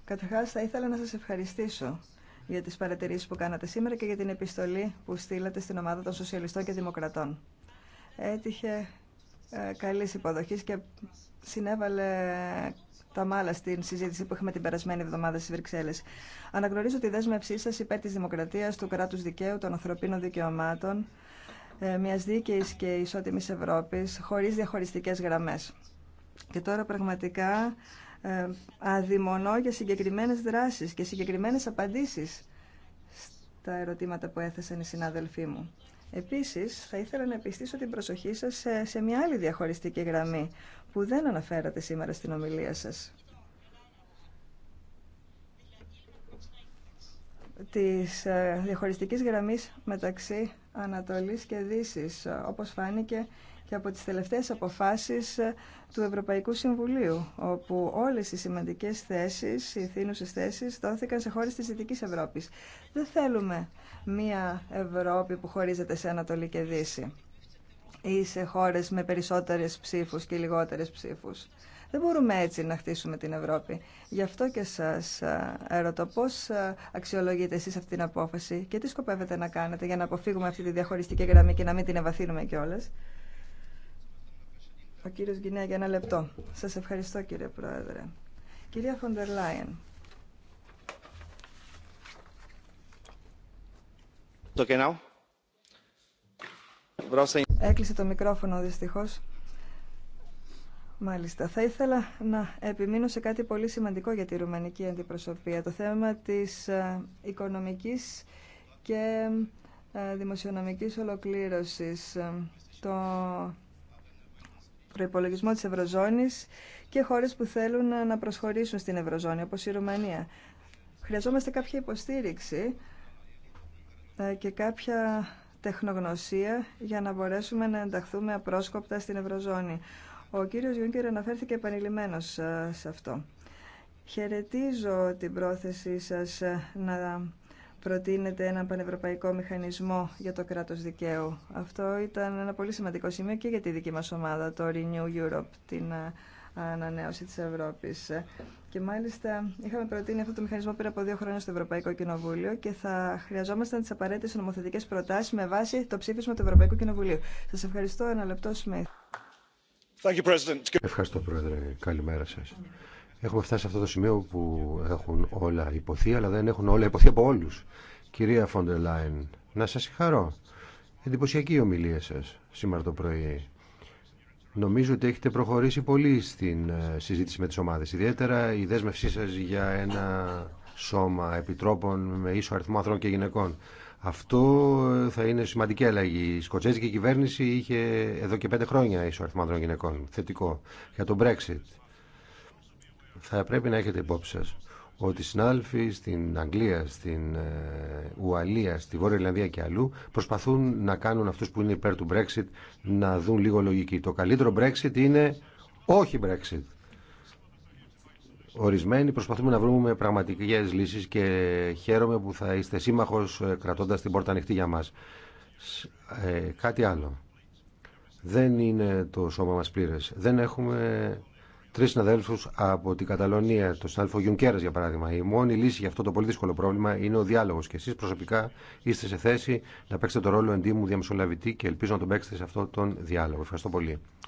καταρχάς θα ήθελα να σας ευχαριστήσω για τις παρατηρήσεις που κάνατε σήμερα και για την επιστολή που στείλατε στην ομάδα των Σοσιαλιστών και Δημοκρατών. Έτυχε ε, καλής υποδοχής και συνέβαλε ε, τα μάλα στην συζήτηση που είχαμε την περασμένη εβδομάδα στι Βρυξέλλε. Αναγνωρίζω τη δέσμευσή σα υπέρ τη δημοκρατία, του κράτου δικαίου, των ανθρωπίνων δικαιωμάτων, ε, μια δίκαιη και ισότιμη Ευρώπη, χωρί διαχωριστικέ γραμμέ. Και τώρα πραγματικά ε, αδειμονώ για συγκεκριμένες δράσεις και συγκεκριμένες απαντήσεις στα ερωτήματα που έθεσαν οι συνάδελφοί μου. Επίσης, θα ήθελα να επιστήσω την προσοχή σας σε, μια άλλη διαχωριστική γραμμή που δεν αναφέρατε σήμερα στην ομιλία σας. Της ε, διαχωριστικής γραμμής μεταξύ Ανατολής και Δύσης, ε, όπως φάνηκε και από τις τελευταίες αποφάσεις ε, του Ευρωπαϊκού Συμβουλίου, όπου όλες οι σημαντικές θέσεις, οι θύνουσες θέσεις, δόθηκαν σε χώρες της Δυτικής Ευρώπης. Δεν θέλουμε μία Ευρώπη που χωρίζεται σε Ανατολή και Δύση ή σε χώρες με περισσότερες ψήφους και λιγότερες ψήφους. Δεν μπορούμε έτσι να χτίσουμε την Ευρώπη. Γι' αυτό και σας ε, ερωτώ πώς ε, αξιολογείτε εσείς αυτή την απόφαση και τι σκοπεύετε να κάνετε για να αποφύγουμε αυτή τη διαχωριστική γραμμή και να μην την ευαθύνουμε κιόλας. Ο κύριος Γκινέα για ένα λεπτό. Σας ευχαριστώ κύριε Πρόεδρε. Κυρία Φοντερ Λάιεν. Έκλεισε το μικρόφωνο δυστυχώς. Μάλιστα. Θα ήθελα να επιμείνω σε κάτι πολύ σημαντικό για τη ρουμανική αντιπροσωπεία. Το θέμα της ε, οικονομικής και ε, δημοσιονομικής ολοκλήρωσης. Ε, το Προπολογισμό της Ευρωζώνης και χώρες που θέλουν να προσχωρήσουν στην Ευρωζώνη, όπως η Ρουμανία. Χρειαζόμαστε κάποια υποστήριξη ε, και κάποια τεχνογνωσία για να μπορέσουμε να ενταχθούμε απρόσκοπτα στην Ευρωζώνη. Ο κύριος Γιούγκερ αναφέρθηκε επανειλημμένος ε, σε αυτό. Χαιρετίζω την πρόθεσή σας ε, να προτείνεται ένα πανευρωπαϊκό μηχανισμό για το κράτος δικαίου. Αυτό ήταν ένα πολύ σημαντικό σημείο και για τη δική μας ομάδα, το Renew Europe, την ε, ανανέωση της Ευρώπης. Και μάλιστα είχαμε προτείνει αυτό το μηχανισμό πριν από δύο χρόνια στο Ευρωπαϊκό Κοινοβούλιο και θα χρειαζόμασταν τις απαραίτητες νομοθετικές προτάσεις με βάση το ψήφισμα του Ευρωπαϊκού Κοινοβουλίου. Σας ευχαριστώ. Ένα λεπτό, Σμιθ. Ευχαριστώ, Πρόεδρε. Καλημέρα σας. Έχουμε φτάσει σε αυτό το σημείο που έχουν όλα υποθεί, αλλά δεν έχουν όλα υποθεί από όλους. Κυρία Φόντερ Λάιν, να σας συγχαρώ. Εντυπωσιακή η ομιλία σας σήμερα το πρωί. Νομίζω ότι έχετε προχωρήσει πολύ στην ε, συζήτηση με τις ομάδες. Ιδιαίτερα η δέσμευσή σας για ένα σώμα επιτρόπων με ίσο αριθμό ανθρώπων και γυναικών. Αυτό ε, θα είναι σημαντική αλλαγή. Η σκοτσέζικη κυβέρνηση είχε εδώ και πέντε χρόνια ίσο αριθμό ανδρών γυναικών. Θετικό. Για τον Brexit θα πρέπει να έχετε υπόψη σας ότι οι συνάδελφοι στην Αγγλία, στην ε, Ουαλία, στη Βόρεια Ιρλανδία και αλλού προσπαθούν να κάνουν αυτούς που είναι υπέρ του Brexit να δουν λίγο λογική. Το καλύτερο Brexit είναι όχι Brexit. Ορισμένοι προσπαθούμε να βρούμε πραγματικές λύσεις και χαίρομαι που θα είστε σύμμαχος ε, κρατώντας την πόρτα ανοιχτή για μας. Ε, κάτι άλλο. Δεν είναι το σώμα μας πλήρες. Δεν έχουμε τρει συναδέλφου από την Καταλωνία, τον συνάδελφο Γιουνκέρα για παράδειγμα. Η μόνη λύση για αυτό το πολύ δύσκολο πρόβλημα είναι ο διάλογο. Και εσεί προσωπικά είστε σε θέση να παίξετε το ρόλο εντύμου διαμεσολαβητή και ελπίζω να τον παίξετε σε αυτόν τον διάλογο. Ευχαριστώ πολύ.